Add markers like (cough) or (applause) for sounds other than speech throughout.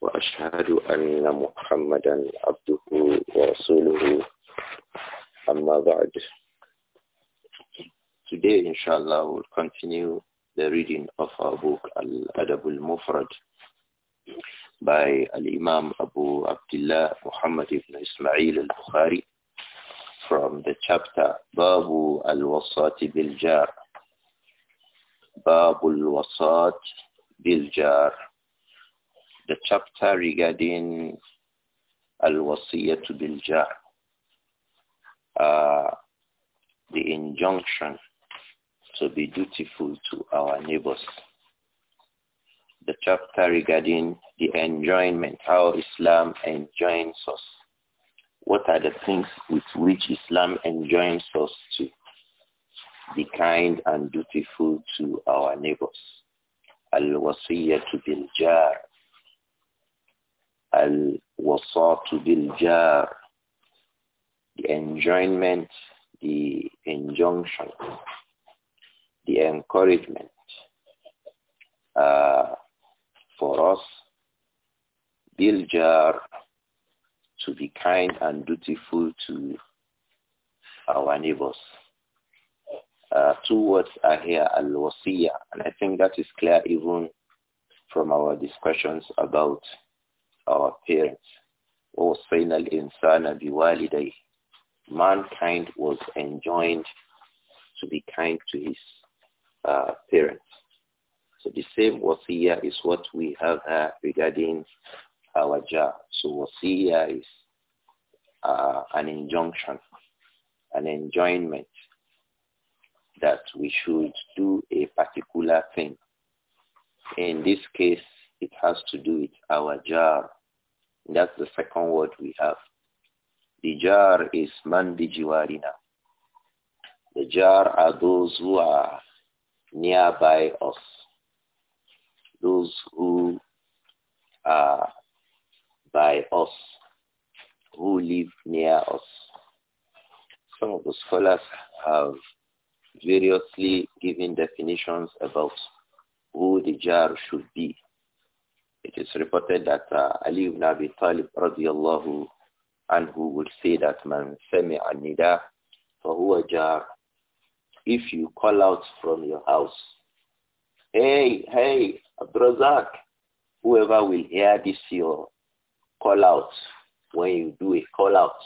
وأشهد أن محمدا عبده ورسوله أما بعد Today, inshallah, we'll continue the reading of our book Al-Adab al-Mufrad by Al-Imam Abu Abdullah Muhammad ibn Ismail al-Bukhari from the chapter Babu al-Wasati bil-Jar Babu al-Wasat bil-Jar the chapter regarding al-wasiyyatu bil jar, uh, the injunction to be dutiful to our neighbors. The chapter regarding the enjoyment, how Islam enjoins us. What are the things with which Islam enjoins us to be kind and dutiful to our neighbors? Al-wasiyyatu bil jar, al-wasatu bil-jar, the enjoinment, the injunction, the encouragement uh, for us, bil-jar, to be kind and dutiful to our neighbors. Uh, two words are here, al and I think that is clear even from our discussions about our parents. وَوَصَّيْنَا الْإِنسَانَ بِوَالِدَيْهِ Mankind was enjoined to be kind to his uh, parents. So the same was is what we have uh, regarding our job. So wasiyah is uh, an injunction, an enjoinment that we should do a particular thing. In this case, it has to do with our job. That's the second word we have. The jar is man bijiwarina. The jar are those who are nearby us. Those who are by us, who live near us. Some of the scholars have variously given definitions about who the jar should be. It is reported that uh, Ali ibn Abi Talib radiallahu anhu would say that man sami'a nida fahuwa jar. If you call out from your house, hey, hey, Abdurazak, whoever will hear this your call out, when you do a call out,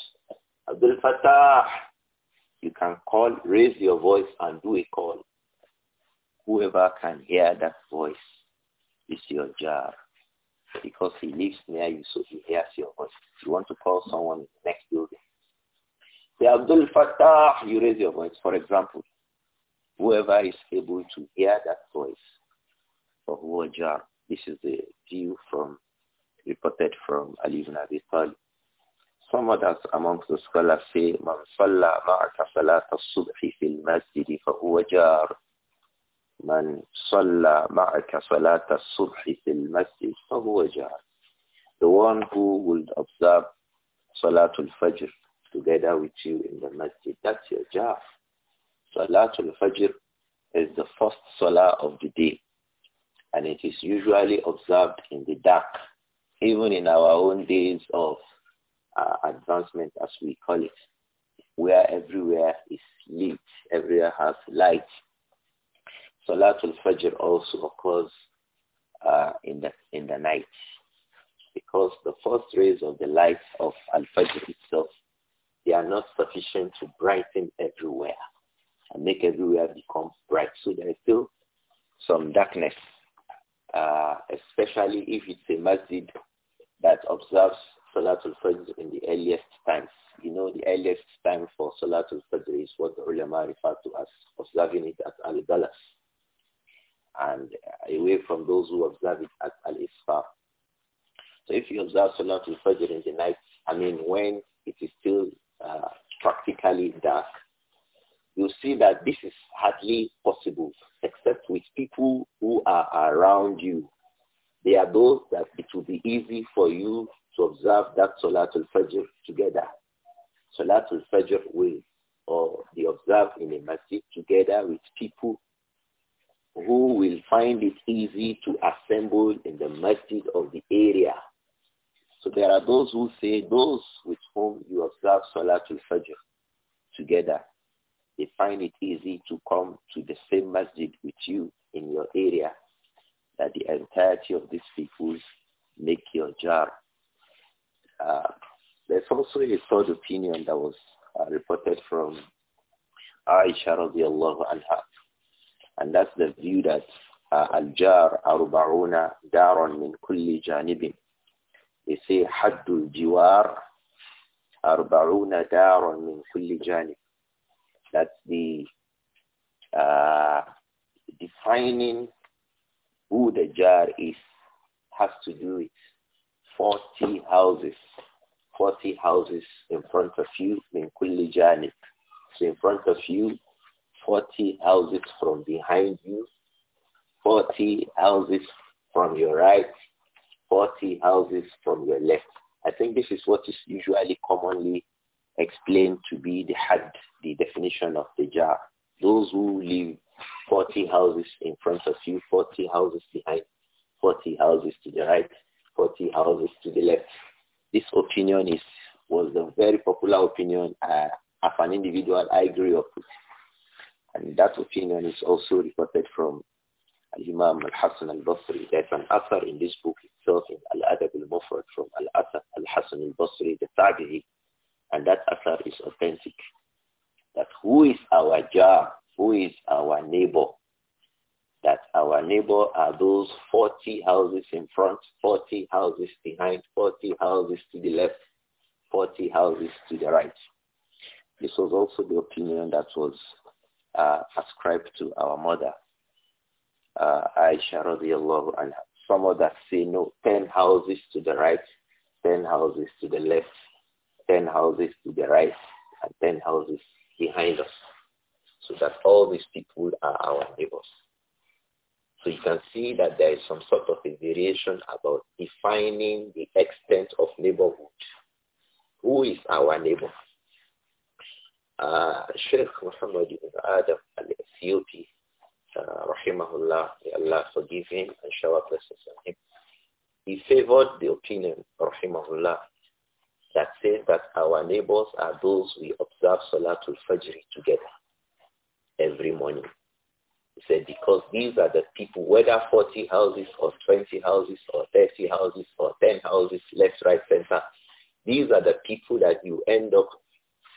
Abdul Fatah, you can call, raise your voice and do a call. Whoever can hear that voice is your jar because he lives near you, so he hears your voice. You want to call someone in the next building. Say, Abdul Fattah, you raise your voice. For example, whoever is able to hear that voice of Wajar, this is the view from reported from Ali ibn Abi Talib. Some others amongst the scholars say, Man salla ma'aka subhi fil masjidi fa huwa jar. من صلى معك صلاة الصبح في المسجد فهو جاهل. The one who would observe Salatul Fajr together with you in the masjid, that's your job. Salatul Fajr is the first salah of the day and it is usually observed in the dark, even in our own days of uh, advancement as we call it, where everywhere is lit, everywhere has light Salatul Fajr also occurs uh, in, the, in the night because the first rays of the light of Al-Fajr itself, they are not sufficient to brighten everywhere and make everywhere become bright. So there is still some darkness, uh, especially if it's a masjid that observes Salatul Fajr in the earliest times. You know, the earliest time for Salatul Fajr is what the ulama refer to as observing it at Al-Galas and away from those who observe it at al-isfar. So if you observe Salatul Fajr in the night, I mean when it is still uh, practically dark, you see that this is hardly possible except with people who are around you. They are those that it will be easy for you to observe that Salatul Fajr together. Salatul Fajr will or be observed in a masjid together with people who will find it easy to assemble in the masjid of the area. So there are those who say those with whom you observe Salatul Fajr together, they find it easy to come to the same masjid with you in your area that the entirety of these people make your jar. Uh, there's also a third opinion that was uh, reported from Aisha radiallahu anha and that's the view that uh, al-jar arba'una daron min kulli janibin. They say haddul jiwar arba'una daron min kulli janib. That's the uh, defining who the jar is has to do with 40 houses, 40 houses in front of you, min kulli janib. So in front of you, 40 houses from behind you, 40 houses from your right, 40 houses from your left. I think this is what is usually commonly explained to be the had, the definition of the jar. Those who live 40 houses in front of you, 40 houses behind, 40 houses to the right, 40 houses to the left. This opinion is was a very popular opinion uh, of an individual. I grew up with. And that opinion is also reported from imam Al-Hassan Al-Basri. There's an author in this book itself in Al-Adab Al-Mufrad from Al-Hassan Al-Basri, the Tabi'i. And that author is authentic. That who is our jar? Who is our neighbor? That our neighbor are those 40 houses in front, 40 houses behind, 40 houses to the left, 40 houses to the right. This was also the opinion that was uh, ascribed to our mother, uh, Aisha radiallahu anha. Some others say no, 10 houses to the right, 10 houses to the left, 10 houses to the right, and 10 houses behind us. So that all these people are our neighbors. So you can see that there is some sort of a variation about defining the extent of neighborhood. Who is our neighbor? Uh, Sheikh Muhammad ibn Adam al-Ethiopi, uh, rahimahullah, may Allah forgive him and shower blessings on him. He favored the opinion, rahimahullah, that says that our neighbors are those we observe Salatul Fajr together every morning. He said, because these are the people, whether 40 houses or 20 houses or 30 houses or 10 houses, left, right, center, these are the people that you end up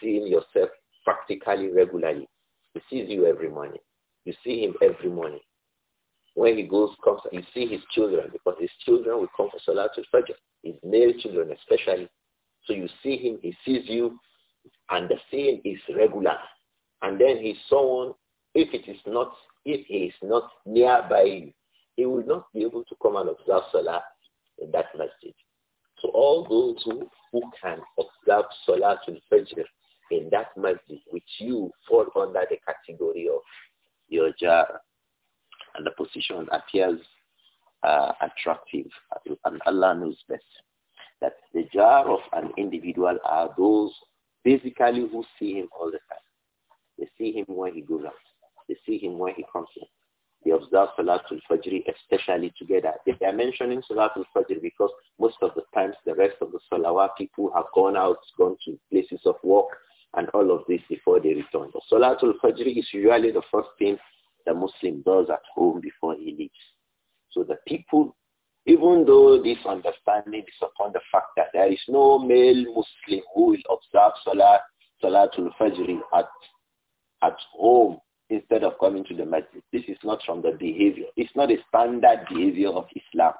seeing yourself practically regularly. He sees you every morning. You see him every morning. When he goes, comes, you see his children because his children will come for Salatul Fajr, his male children especially. So you see him, he sees you, and the seeing is regular. And then he's someone, if it is not, if he is not nearby you, he will not be able to come and observe Salah in that masjid. So all those who, who can observe Salatul Fajr in that masjid which you fall under the category of your jar and the position appears uh, attractive and Allah knows best that the jar of an individual are those basically who see him all the time. They see him when he goes out. They see him when he comes in. They observe Salatul Fajr especially together. If they are mentioning Salatul Fajr because most of the times the rest of the Salawat people have gone out, gone to places of work, and all of this before they return. The Salatul Fajr is usually the first thing the Muslim does at home before he leaves. So the people, even though this understanding is upon the fact that there is no male Muslim who will observe Salat, Salatul Fajr at, at home instead of coming to the masjid. This is not from the behavior. It's not a standard behavior of Islam.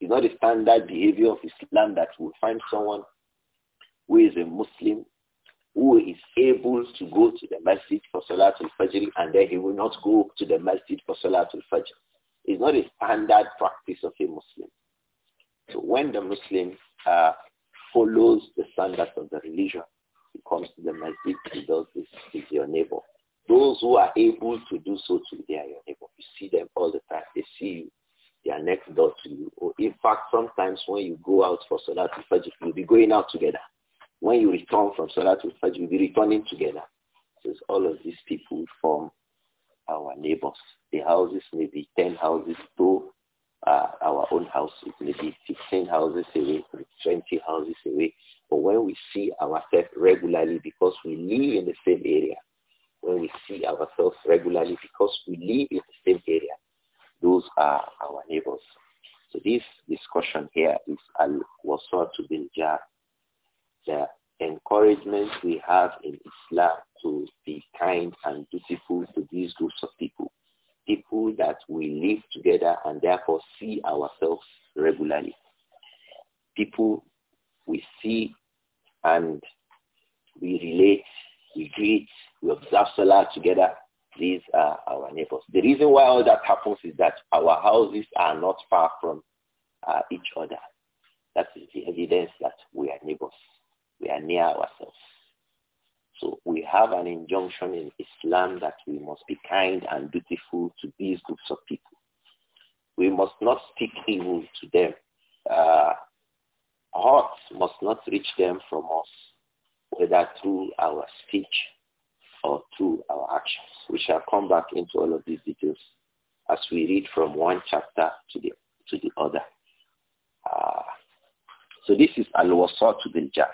It's not a standard behavior of Islam that will find someone who is a Muslim is able to go to the masjid for Salatul Fajr and then he will not go to the masjid for Salatul Fajr. It's not a standard practice of a Muslim. So when the Muslim uh, follows the standards of the religion, he comes to the masjid, he does this, with your neighbor. Those who are able to do so to their neighbor, you see them all the time. They see you. They are next door to you. Or in fact, sometimes when you go out for Salatul Fajr, you'll be going out together when you return from Salatul we will be returning together. We observe Salah together. These are our neighbors. The reason why all that happens is that our houses are not far from uh, each other. That is the evidence that we are neighbors. We are near ourselves. So we have an injunction in Islam that we must be kind and dutiful to these groups of people. We must not speak evil to them. Uh, hearts must not reach them from us, whether through our speech or through our actions. We shall come back into all of these details as we read from one chapter to the, to the other. Uh, so this is al-wasat to the jar.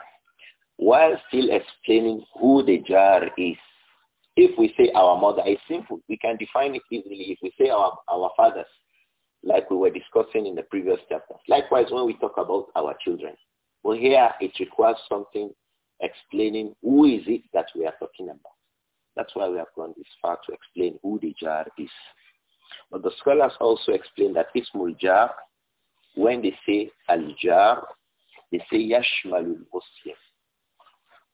While still explaining who the jar is, if we say our mother is simple, we can define it easily. If we say our, our fathers, like we were discussing in the previous chapter. Likewise, when we talk about our children, well, here it requires something explaining who is it that we are talking about. That's why we have gone this far to explain who the jar is. But the scholars also explain that Ismul Jar, when they say Al-Jar, they say Yashmalul Muslim.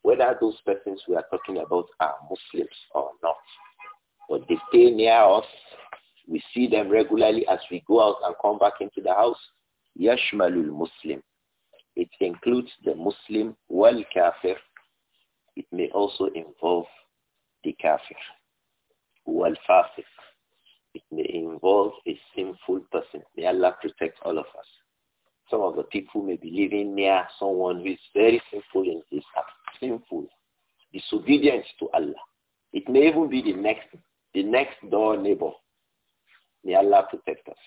Whether those persons we are talking about are Muslims or not. But they stay near us. We see them regularly as we go out and come back into the house. Yashmalul Muslim. It includes the Muslim, wal kafir. It may also involve the kafir wal fasiq. It may involve a sinful person. May Allah protect all of us. Some of the people may be living near someone who is very sinful and his sinful, disobedient to Allah. It may even be the next, the next door neighbor. May Allah protect us.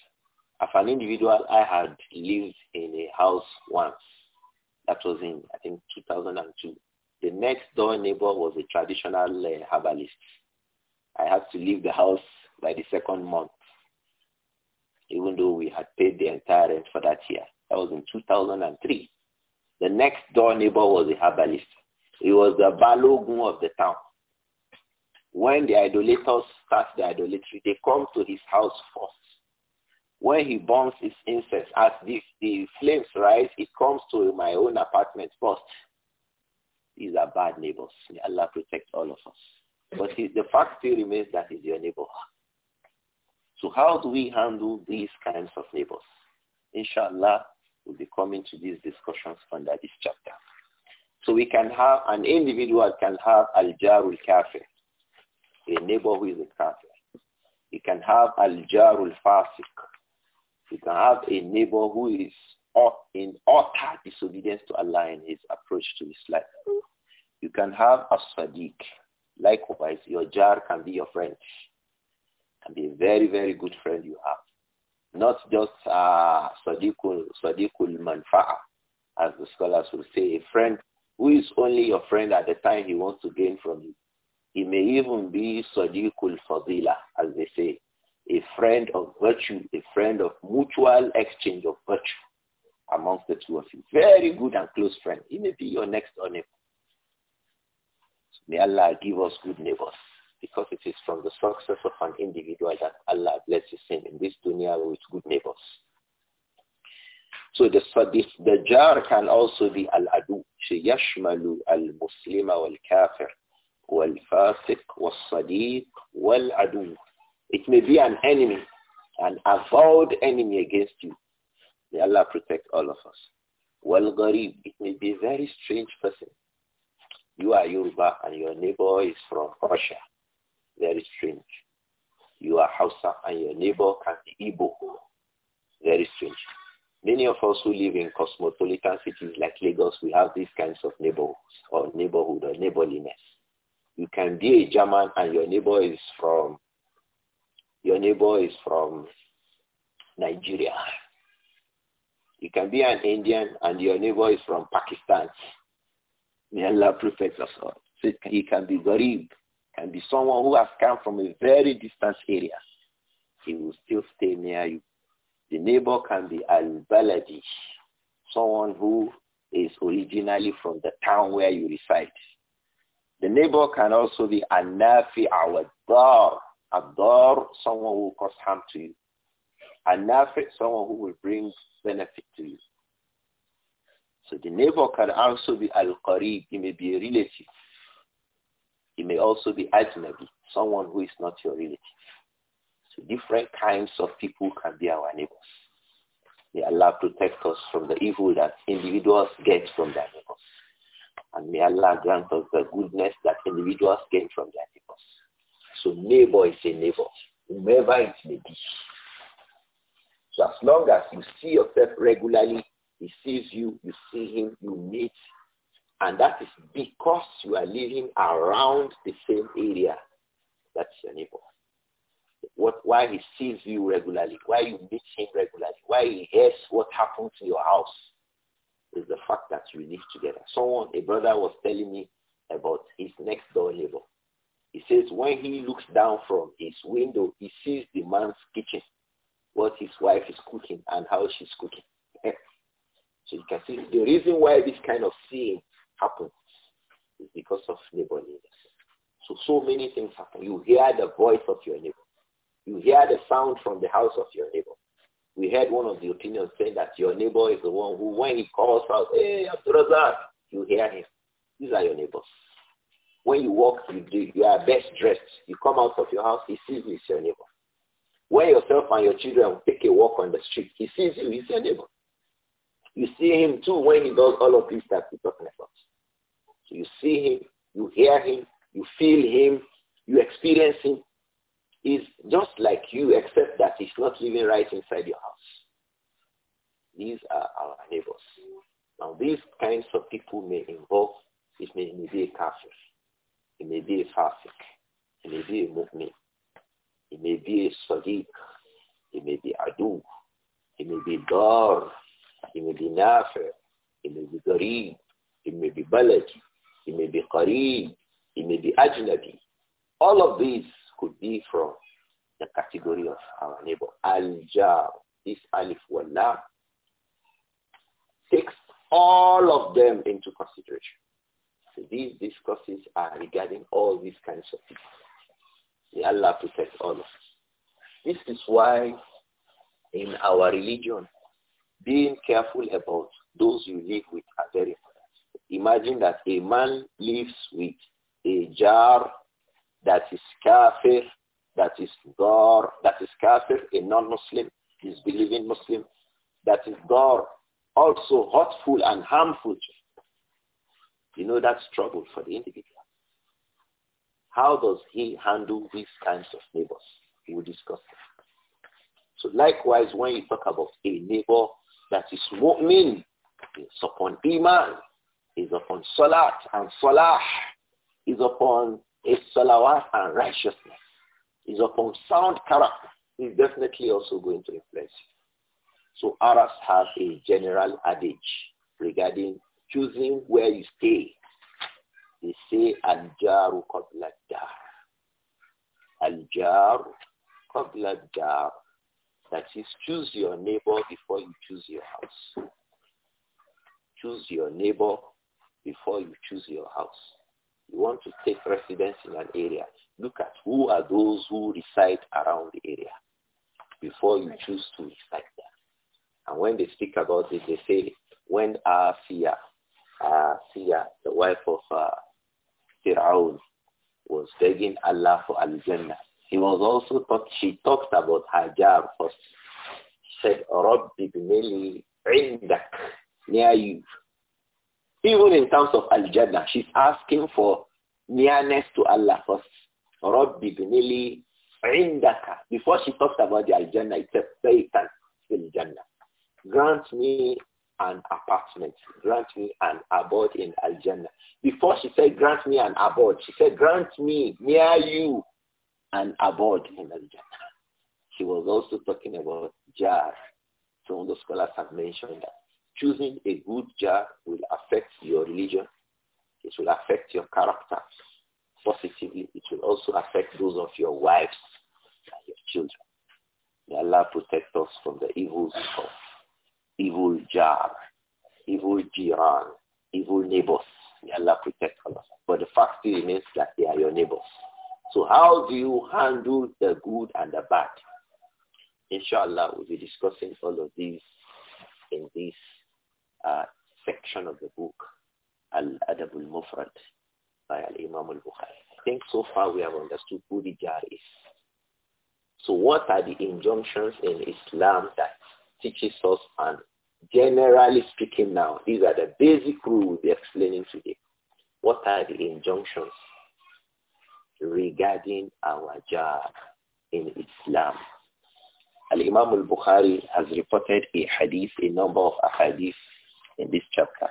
As an individual, I had lived in a house once. That was in, I think, 2002 the next door neighbor was a traditional uh, herbalist. I had to leave the house by the second month, even though we had paid the entire rent for that year. That was in 2003. The next door neighbor was a herbalist. He was the Balogun of the town. When the idolaters start the idolatry, they come to his house first. When he burns his incense, as the, the flames rise, it comes to my own apartment first. These are bad neighbors. May Allah protect all of us. But the fact still remains that he's your neighbor. So how do we handle these kinds of neighbors? Inshallah, we'll be coming to these discussions under this chapter. So we can have, an individual can have al-jarul kafir, a neighbor who is a kafir. He can have al-jarul fasik. He can have a neighbor who is in utter disobedience to Allah in his approach to his life. You can have a sadiq. Likewise, your jar can be your friend. Can be a very, very good friend you have. Not just uh, sadiqul, sadiqul manfa'a, as the scholars will say, a friend who is only your friend at the time he wants to gain from you. He may even be sadiqul fadila, as they say, a friend of virtue, a friend of mutual exchange of virtue amongst the two of you. Very good and close friend. He may be your next door neighbor. So may Allah give us good neighbors because it is from the success of an individual that Allah blesses him in this dunya with good neighbors. So the, this, the jar can also be al-adu. يشمل المسلم والكافر والفاسق والصديق والعدو. It may be an enemy, an avowed enemy against you. May Allah protect all of us. Well, Garib, it may be a very strange person. You are Yoruba and your neighbor is from Russia. Very strange. You are Hausa and your neighbor can be Igbo. Very strange. Many of us who live in cosmopolitan cities like Lagos, we have these kinds of neighborhoods or neighborhood or neighborliness. You can be a German and your neighbor is from your neighbor is from Nigeria you can be an Indian and your neighbor is from Pakistan. May Allah protect us all. So he can be Garib, can be someone who has come from a very distant area. He will still stay near you. The neighbor can be Al-Baladi, someone who is originally from the town where you reside. The neighbor can also be Anafi Awadar, Adar, someone who cause harm to you. And Nafi, someone who will bring benefit to you. So the neighbor can also be al-qarib. He may be a relative. He may also be ajnabi, someone who is not your relative. So different kinds of people can be our neighbors. May Allah protect us from the evil that individuals get from their neighbors. And may Allah grant us the goodness that individuals gain from their neighbors. So neighbor is a neighbor, whomever it may be as long as you see yourself regularly, he sees you, you see him, you meet. And that is because you are living around the same area. That's your neighbor. What, why he sees you regularly, why you meet him regularly, why he hears what happened to your house is the fact that you live together. Someone, a brother was telling me about his next door neighbor. He says when he looks down from his window, he sees the man's kitchen what his wife is cooking and how she's cooking. Eh. so you can see the reason why this kind of thing happens is because of neighborliness. So, so many things happen. You hear the voice of your neighbor. You hear the sound from the house of your neighbor. We heard one of the opinions saying that your neighbor is the one who, when he calls out, hey, after that, you hear him. These are your neighbors. When you walk, you, do, you are best dressed. You come out of your house, he sees you, it's your neighbor. When yourself and your children take a walk on the street, he sees you, he's your neighbor. You see him too when he does all of these that we're talking about. So you see him, you hear him, you feel him, you experience him. He's just like you, except that he's not living right inside your house. These are our neighbors. Now these kinds of people may involve, it may, may be a kafir, it may be a fasik, it may be a movement. He may be a Sadiq. He may be Adu. He may be Dar. He may be Nafi. He may be Garib. He may be Balad. He may be Qarib. He may be Ajnabi. All of these could be from the category of our neighbor. Al-Jar. This Alif Wallah takes all of them into consideration. So these discourses are regarding all these kinds of people. May Allah protect all of us. This is why in our religion, being careful about those you live with are very important. Imagine that a man lives with a jar that is kafir, that is gar, that is kafir, a non-Muslim, disbelieving Muslim, that is gar, also hurtful and harmful. You know that's trouble for the individual. How does he handle these kinds of neighbors? We will discuss that. So likewise, when you talk about a neighbor that is mu'min, is upon iman, is upon salat and salah, is upon a salawat and righteousness, is upon sound character, is definitely also going to influence you. So Arabs have a general adage regarding choosing where you stay they say al-jaru qabla dar Al-jar qabla dar That is, choose your neighbor before you choose your house. Choose your neighbor before you choose your house. You want to take residence in an area. Look at who are those who reside around the area before you choose to reside there. And when they speak about it, they say, when Asiya, Asiya, the wife of uh, Fir'aun was begging Allah for Al-Jannah. He was also talk, she talked about Hajar first. She said, Rabbi bimili indak, near you. Even in terms of Al-Jannah, she's asking for nearness to Allah first. Rabbi bimili indaka. Before she talked about the Al-Jannah, it said, Satan fil Jannah. Grant me an apartment. Grant me an abode in Al-Jannah. Before she said, grant me an abode, she said, grant me near you an abode in Al-Jannah. (laughs) She was also talking about jar. Some of the scholars have mentioned that choosing a good jar will affect your religion. It will affect your character positively. It will also affect those of your wives and your children. May Allah protect us from the evils of evil jar, evil jiran, evil neighbors. May Allah protect us. But the fact still remains that they are your neighbors. So how do you handle the good and the bad? Inshallah, we'll be discussing all of these in this uh, section of the book, Al-Adab al-Mufrad by Al-Imam al-Bukhari. I think so far we have understood who the jar is. So what are the injunctions in Islam that teaches us and Generally speaking now, these are the basic rules we'll be explaining today. What are the injunctions regarding our job in Islam? Al-Imam al-Bukhari has reported a hadith, a number of hadiths in this chapter.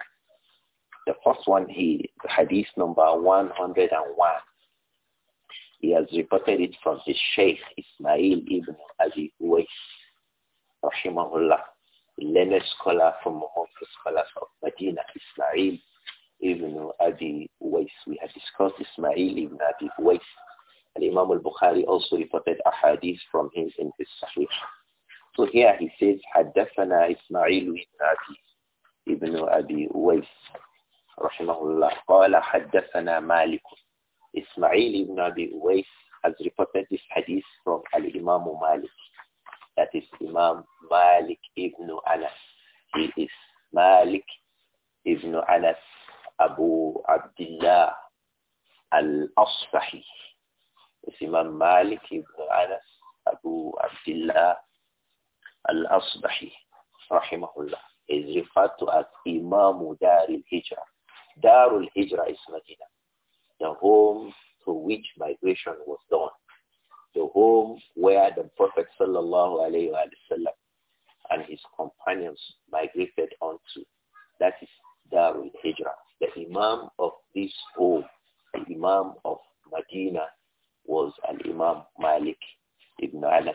The first one, he, hadith number 101. He has reported it from his Sheikh Ismail ibn Abi Uwais, rahimahullah learned scholar from among the scholars of Medina, Ismail ibn Abi Uwais. We had discussed Ismail ibn Abi Uwais. And Imam al-Bukhari also reported a hadith from him in his Sahih. So here he says, حدثنا إسماعيل ibn Abi, ibn Abi Uwais رحمه الله قال حدثنا مالك إسماعيل ibn Abi Uwais has reported this hadith from Al-Imam Malik. That is Imam Malik ibn Anas. He is Malik ibn Anas Abu Abdullah al-Asfahi. It's Imam Malik ibn Anas Abu Abdullah al-Asbahi, rahimahullah, is referred to as Imam Dar al-Hijra. Dar al-Hijra is Medina, the home to which migration was done the home where the Prophet sallallahu alayhi wa and his companions migrated onto. That is Darul Hijrah. The Imam of this home, the Imam of Medina, was an Imam Malik ibn Anas,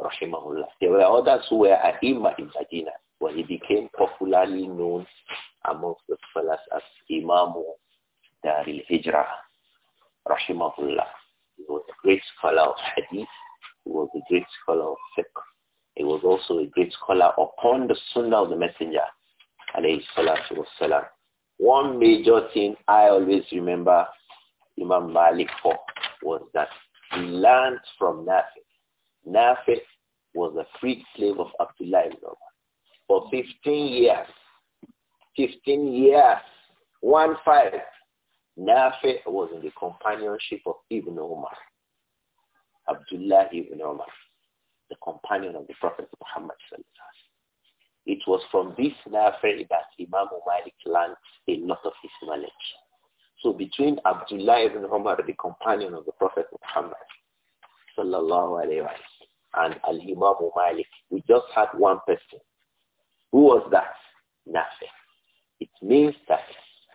rahimahullah. There were others who were ai in Medina, but he became popularly known amongst the scholars as Imam Darul Hijrah, rahimahullah. He was a great scholar of hadith. He was a great scholar of fiqh. He was also a great scholar upon the sunnah of the messenger. One major thing I always remember Imam Malik for was that he learned from Nafi. Nafi was a freed slave of Abdullah ibn Umar for 15 years. 15 years. One five. Nafi was in the companionship of Ibn Umar, Abdullah ibn Umar, the companion of the Prophet Muhammad It was from this Nafi that Imam Malik learned a lot of his knowledge. So between Abdullah ibn Umar, the companion of the Prophet Muhammad, sallallahu alayhi and Al-Imam Malik, we just had one person. Who was that? Nafi. It means that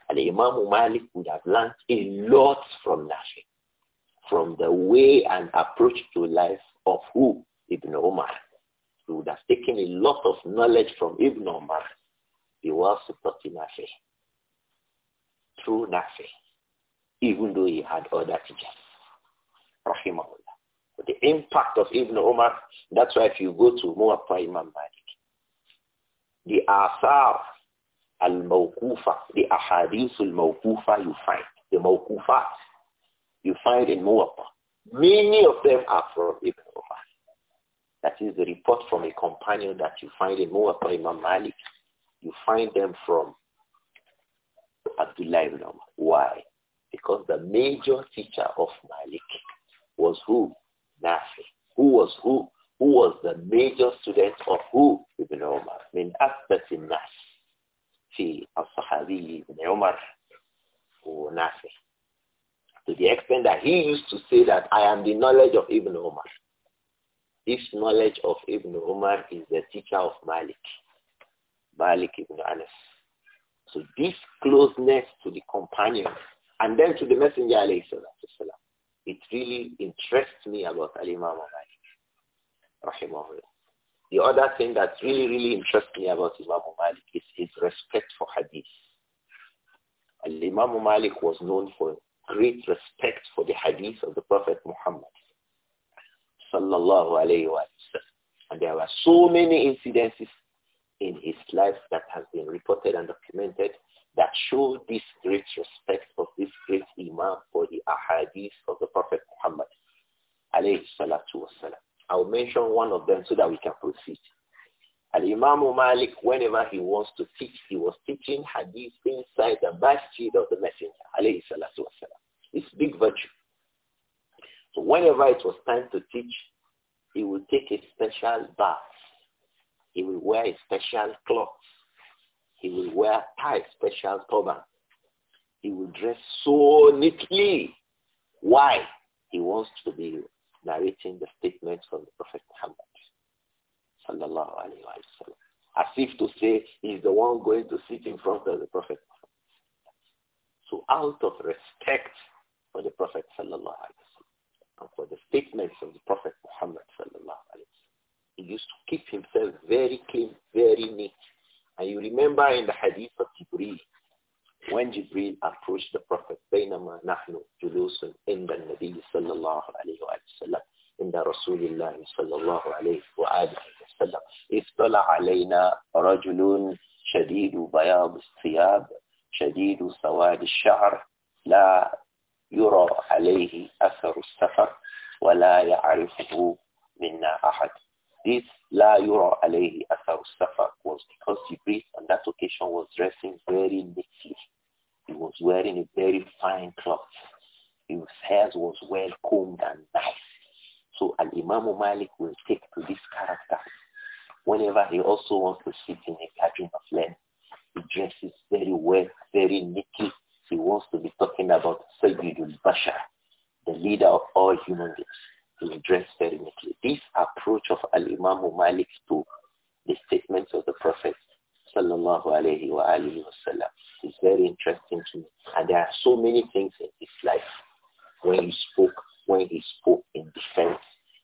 and Imam Malik would have learned a lot from Nafi, from the way and approach to life of who? Ibn Umar. He would have taken a lot of knowledge from Ibn Umar. He was supporting Nafi, through Nafi, even though he had other teachers. Rahimahullah. But the impact of Ibn Umar, that's why if you go to Muwatta Imam Malik, the asar al-mawkufa, the ahadith al-mawkufa you find, the mawkufat you find in Muwatta. Many of them are from Ibn Umar. That is the report from a companion that you find in Muwatta Imam Malik. You find them from Abdullah ibn Umar. Why? Because the major teacher of Malik was who? Nafi. Who was who? Who was the major student of who? Ibn Umar. I mean, Asbat Nasr. في الصحابي ابن عمر ونافع to the extent that he used to say that I am the knowledge of Ibn Umar. This knowledge of Ibn Umar is the teacher of Malik, Malik Ibn Anas. So this closeness to the companion and then to the messenger alayhi it really interests me about Al-Imam Malik, rahimahullah. The other thing that really, really interests me about Imam Malik is his respect for hadith. And Imam Malik was known for great respect for the hadith of the Prophet Muhammad. Sallallahu alayhi wa And there were so many incidences in his life that has been reported and documented that show this great respect of this great Imam for the ahadith of the Prophet Muhammad. Alayhi salatu wasalam. I'll mention one of them so that we can proceed. Al-Imam Malik, whenever he wants to teach, he was teaching hadith inside the masjid of the messenger, alayhi salatu wasalam. It's big virtue. So whenever it was time to teach, he would take a special bath. He will wear a special cloth. He will wear tie special turban. He will dress so neatly. Why? He wants to be narrating the statements from the Prophet Muhammad. Sallallahu alayhi wa sallam. As if to say he's the one going to sit in front of the Prophet Muhammad. So out of respect for the Prophet Sallallahu Alaihi Wasallam and for the statements of the Prophet Muhammad Sallallahu Alaihi Wasallam, he used to keep himself very clean, very neat. And you remember in the hadith of Jibreel, when Jibril approached the Prophet, بينما نحن جلوس عند النبي صلى الله عليه وسلم عند رسول الله صلى الله عليه وآله وسلم اطلع علينا رجل شديد بياض الثياب شديد سواد الشعر لا يرى عليه أثر السفر ولا يعرفه منا أحد This لا يرى عليه أثر السفر was because Jibril on that occasion was dressing very neatly. He was wearing a very fine cloth. His hair was well combed and nice. So an imam Malik will take to this character. Whenever he also wants to sit in a gathering of learning, he dresses very well, very neatly. He wants to be talking about Sayyidul Bashar, the leader of all human beings. He will dress very neatly. This approach of Al-Imam Malik to the statements of the Prophet sallallahu alayhi wa wasallam is very interesting to me. And there are so many things in his life when he spoke, when he spoke in defense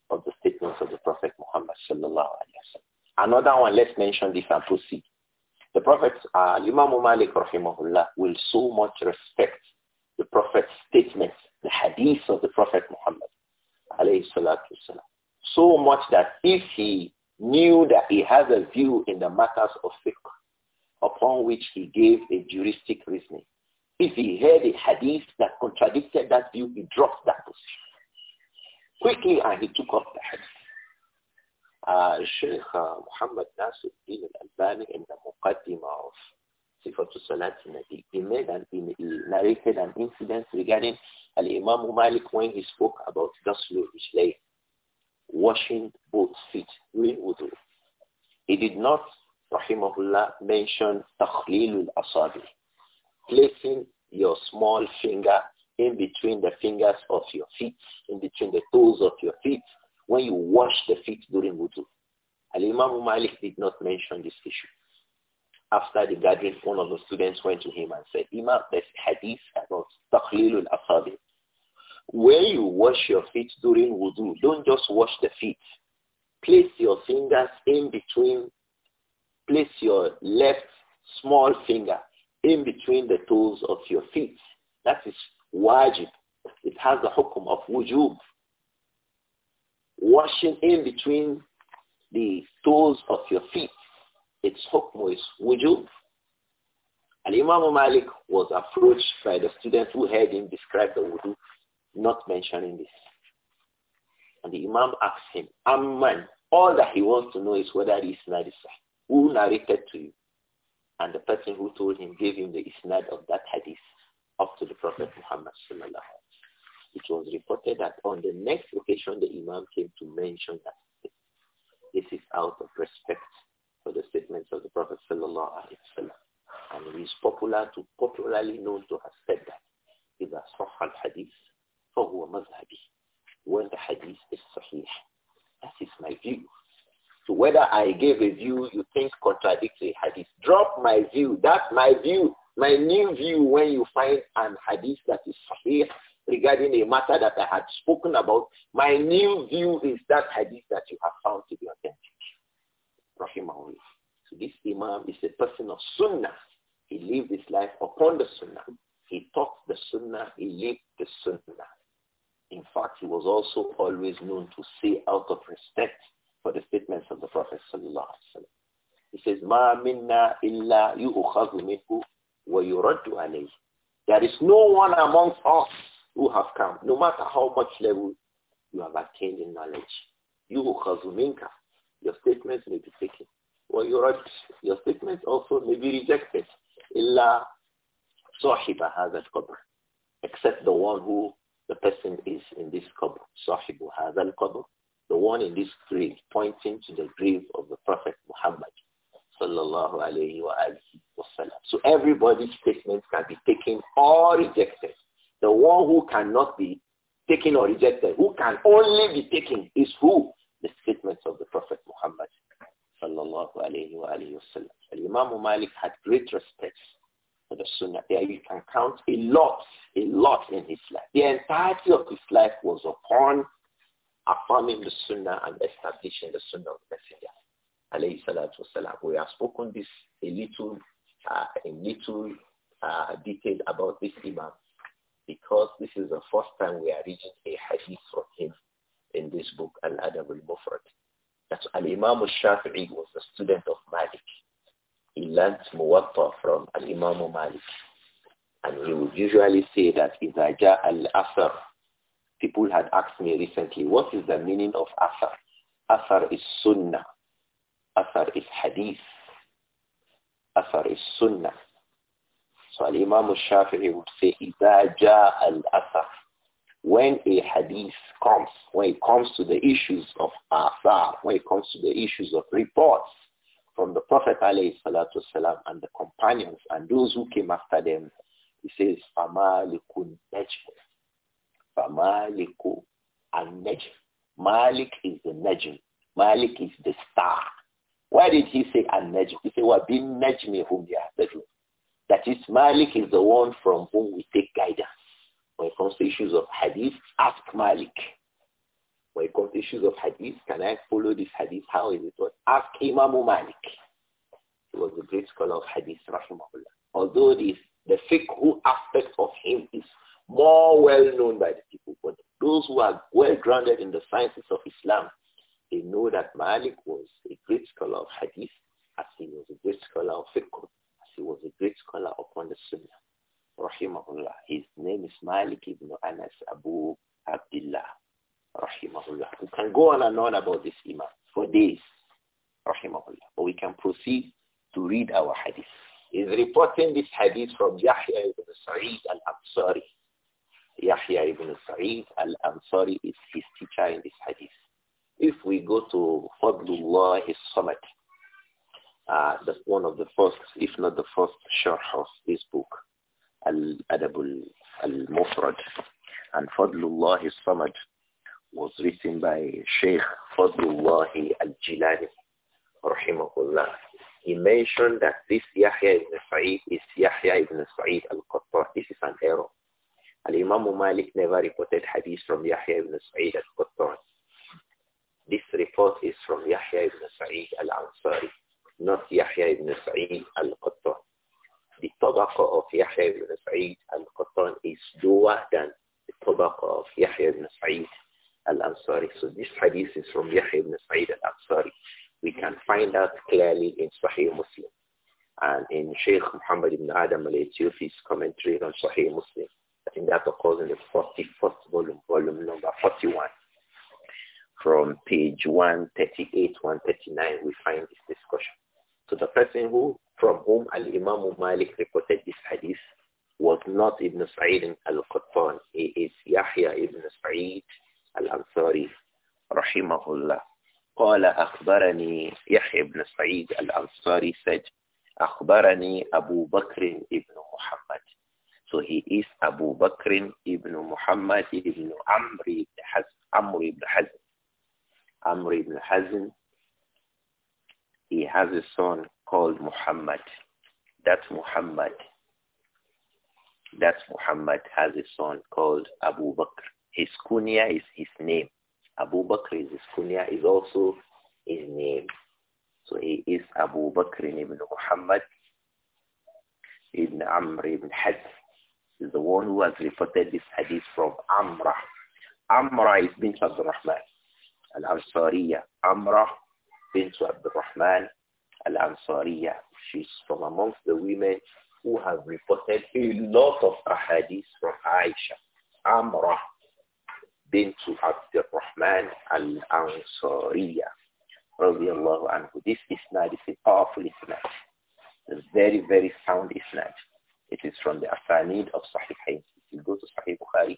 of the statements of the Prophet Muhammad sallallahu alaihi wasallam. Another one, let's mention this and proceed. The Prophet, uh, Imam Malik rahimahullah, will so much respect the Prophet's statements, the hadith of the Prophet Muhammad alayhi salatu wasalam. So much that if he knew that he has a view in the matters of fiqh, upon which he gave a juristic reasoning. If he heard a hadith that contradicted that view, he dropped that position. Quickly, and he took up the hadith. Uh, Sheikh uh, Muhammad Nasruddin al-Albani in the Muqaddimah of Sifatu Salat Nabi, he made and he narrated an incident regarding Al-Imam Malik when he spoke about Ghaslu Rijlay, washing both feet, doing wudu. He did not rahimahullah, mentioned takhlilul asabi, placing your small finger in between the fingers of your feet, in between the toes of your feet, when you wash the feet during wudu. Al-Imam Malik did not mention this issue. After the gathering, one of the students went to him and said, Imam, there's hadith about takhlilul asabi. When you wash your feet during wudu, don't just wash the feet. Place your fingers in between place your left small finger in between the toes of your feet. That is wajib. It has the hukum of wujub. Washing in between the toes of your feet. Its hukum is wujub. And Imam Malik was approached by the student who heard him describe the wudu, not mentioning this. And the Imam asked him, Amman, all that he wants to know is whether this night is sahih who narrated to you. And the person who told him gave him the isnad of that hadith up to the Prophet Muhammad sallallahu It was reported that on the next occasion the Imam came to mention that this is out of respect for the statements of the Prophet sallallahu And it is popular to popularly known to have said that. إذا صح الحديث فهو مذهبي. When the hadith is sahih, that is my view whether I gave a view you think contradicts a hadith, drop my view. That's my view, my new view when you find an hadith that is sahih regarding a matter that I had spoken about. My new view is that hadith that you have found to be authentic. Rahimahullah. So this imam is a person of sunnah. He lived his life upon the sunnah. He taught the sunnah. He lived the sunnah. In fact, he was also always known to say out of respect for the statements of the Prophet sallallahu He says, "Ma minna illa yu'khadhu minhu wa yuraddu alayhi." There is no one amongst us who have come, no matter how much level you have attained in knowledge. Yu'khadhu minka. Your statements may be taken. Or your, your statements also may be rejected. Illa sahiba hadha al-qabr. Except the one who the person is in this qabr. Sahibu hadha al-qabr the one in this grave, pointing to the grave of the Prophet Muhammad. Sallallahu alayhi wa So everybody's statement can be taken or rejected. The one who cannot be taken or rejected, who can only be taken, is who? The statements of the Prophet Muhammad. Sallallahu alayhi wa Imam Malik had great respect for the Sunnah. There you can count a lot, a lot in his life. The entirety of his life was upon affirming the sunnah and establishing the sunnah of the messenger. Alayhi salatu wasalam. We have spoken this a little, uh, in little uh, detail about this imam because this is the first time we are reading a hadith from him in this book, Al-Adab al-Mufrad. That Al-Imam al-Shafi'i was a student of Malik. He learned Muwatta from Al-Imam Malik. And he would usually say that, إِذَا جَاءَ الْأَثَرُ people had asked me recently, what is the meaning of asar? Asar is sunnah. Asar is hadith. Asar is sunnah. So imam al-Shafi'i would say, إِذَا جَاءَ الْأَثَرِ When a hadith comes, when it comes to the issues of asar, when it comes to the issues of reports from the Prophet alayhi and the companions and those who came after them, he says, فَمَالِكٌ نَجْمٌ Famaliku al Najm. Malik is the Najm. Malik is the star. Why did he say al Najm? He said, Wabin Najmi whom yahtadun. That is, Malik is the one from whom we take guidance. When it comes to issues of hadith, ask Malik. When it comes to issues of hadith, can I follow this hadith? How is it? What? Ask Imam Malik. He was a great scholar of hadith, rahimahullah. Although this, the fiqh aspect of him is more well known by the people. But those who are well grounded in the sciences of Islam, they know that Malik was a great scholar of hadith, as he was a great scholar of fiqh, as he was a great scholar upon the sunnah. Rahimahullah. His name is Malik ibn Anas Abu Abdullah. Rahimahullah. We can go on and on about this imam for days. Rahimahullah. But we can proceed to read our hadith. He's reporting this hadith from Yahya ibn Sa'id al-Absari. Yahya ibn Sa'id al-Ansari is his teacher in this hadith. If we go to Fadlullah al Samad, uh, that's one of the first, if not the first, sharh of this book, al Adab Al-Mufrad. And Fadlullah al Samad was written by Sheikh Fadlullah al-Jilani, rahimahullah. He mentioned that this Yahya ibn Sa'id is Yahya ibn Sa'id al-Qattar. This is an error Al-Imam Malik never reported hadith from Yahya ibn Sa'id al-Qattan. This report is from Yahya ibn Sa'id al-Ansari, not Yahya ibn Sa'id al-Qattan. The tabaqa of Yahya ibn Sa'id al-Qattan is lower than the tabaqa of Yahya ibn Sa'id al-Ansari. So this hadith is from Yahya ibn Sa'id al-Ansari. We can find out clearly in Sahih Muslim and in Sheikh Muhammad ibn Adam al-Ethiopi's commentary on Sahih Muslim. I think that occurs in the 41st volume, volume number 41. From page 138, 139, we find this discussion. So the person who, from whom Al-Imam Malik reported this hadith was not Ibn Sa'id al-Qattan. It is Yahya ibn Sa'id al-Ansari, rahimahullah. قال أخبرني يحيى بن سعيد الأنصاري said أخبرني أبو بكر ابن محمد so he is Abu Bakr ibn Muhammad ibn Amr ibn Hazm. Amr ibn Hazm. Amr ibn Hazm. He has a son called Muhammad. That's Muhammad. That's Muhammad has a son called Abu Bakr. His kunya is his name. Abu Bakr is his kunya, is also his name. So he is Abu Bakr ibn Muhammad ibn Amr ibn Hazm is the one who has reported this hadith from Amra. Amra is bint Abdul Rahman al-Ansariya. Amra bint Abdul Rahman al-Ansariya. She's from amongst the women who have reported a lot of hadiths from Aisha. Amra bint Abdul Rahman al-Ansariya. This isnad is a powerful isnad. A very, very sound isnad is from the asanid of Sahihain. If you go to Sahih Bukhari,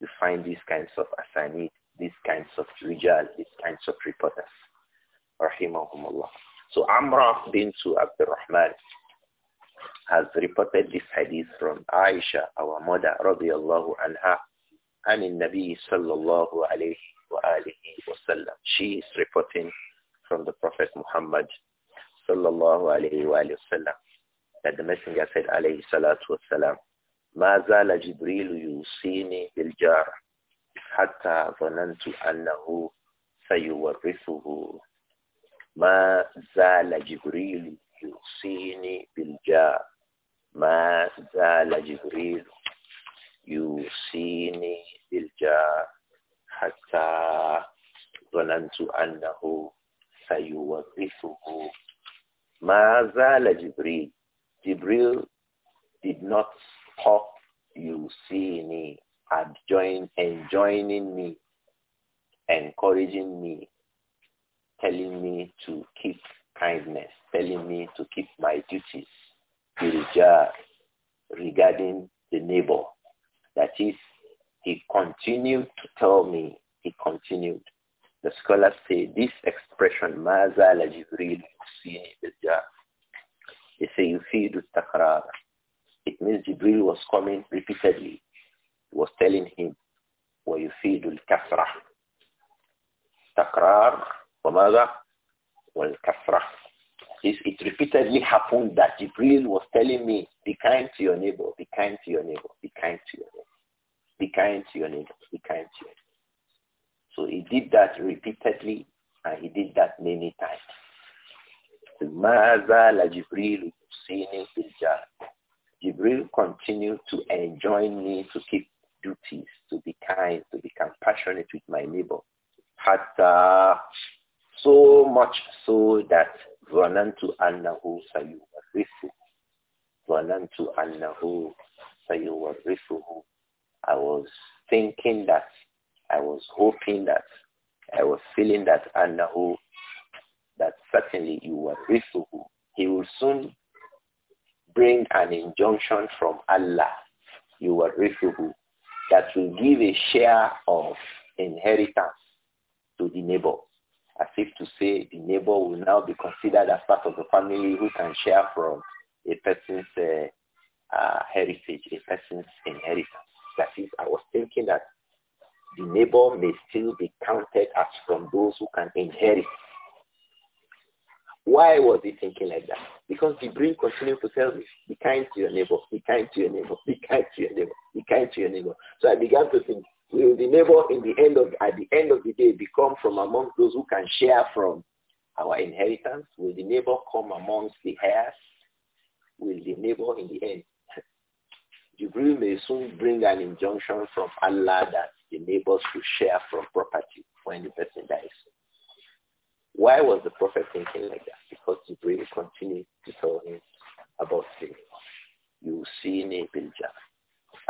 you find these kinds of asanid, these kinds of rijal, these kinds of reporters. Rahimahumullah. So Amra bin to Abdurrahman has reported this hadith from Aisha, our mother, radiallahu anha, and in Nabi sallallahu alayhi wa alihi wa sallam. She is reporting from the Prophet Muhammad sallallahu alayhi wa sallam that the messenger said, alayhi salatu wassalam, ما زال جبريل يوصيني بالجار حتى ظننت أنه سيورثه ما زال جبريل يوصيني بالجار ما زال جبريل يوصيني بالجار حتى ظننت أنه سيورثه ما زال جبريل Jibril did not stop you see me, adjoin, enjoining me, encouraging me, telling me to keep kindness, telling me to keep my duties regarding the neighbor. That is, he continued to tell me, he continued. The scholars say this expression, Mazala Jibril Husini Bijar, they say yufidu It means Jibril was coming repeatedly. He was telling him, you ويفيد الكثرة تكرار وماذا والكثرة This, it repeatedly happened that Jibril was telling me, be kind to your neighbor, be kind to your neighbor, be kind to your neighbor, be kind to your neighbor, be kind to your neighbor. So he did that repeatedly and he did that many times. ما زال جبريل يوصيني بالجهاد. Jibril continued to enjoin me to keep duties, to be kind, to be compassionate with my neighbor. Hatta so much so that ظننت أنه سيورثه ظننت أنه سيورثه I was thinking that, I was hoping that, I was feeling that أنه that certainly you were risuhu. He will soon bring an injunction from Allah. You were who That will give a share of inheritance to the neighbor. As if to say the neighbor will now be considered as part of the family who can share from a person's uh, uh, heritage, a person's inheritance. That is, I was thinking that the neighbor may still be counted as from those who can inherit why was he thinking like that? Because the brain continued to tell me, be kind to your neighbor, be kind to your neighbor, be kind to your neighbor, be kind to your neighbor. So I began to think, will the neighbor in the end of, at the end of the day become from among those who can share from our inheritance? Will the neighbor come amongst the heirs? Will the neighbor in the end? Jibril (laughs) may soon bring an injunction from Allah that the neighbors should share from property when the person dies. Why was the prophet thinking like that? Because really continued to tell him about things. You see me bil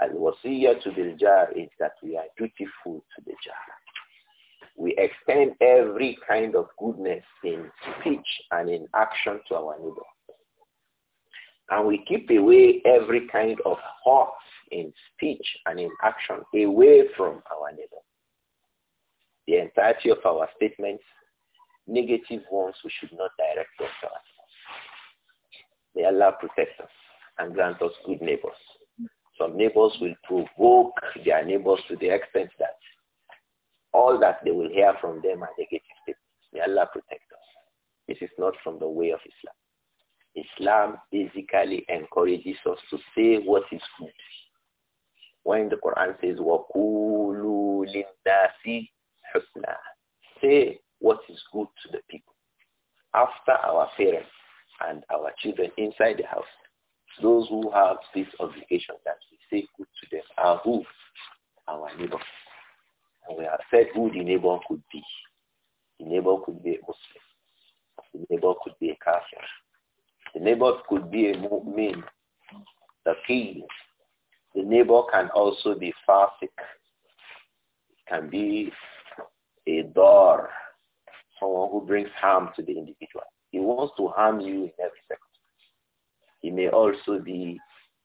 and what's here to jar is that we are dutiful to the jar. We extend every kind of goodness in speech and in action to our neighbor. And we keep away every kind of hurt in speech and in action away from our neighbor. The entirety of our statements negative ones we should not direct them to us. May Allah protect us and grant us good neighbors. Some neighbors will provoke their neighbors to the extent that all that they will hear from them are negative statements. May Allah protect us. This is not from the way of Islam. Islam basically encourages us to say what is good. When the Quran says, وَقُولُوا لِلنَّاسِ husna," Say what is good to the people. After our parents and our children inside the house, those who have this obligation that we say good to them are who? Our neighbor. And we have said who the neighbor could be. The neighbor could be a Muslim. The neighbor could be a Kafir. The neighbor could be a Mu'min, the king. The neighbor can also be Fasik. It can be a door someone who brings harm to the individual. He wants to harm you in every second. He may also be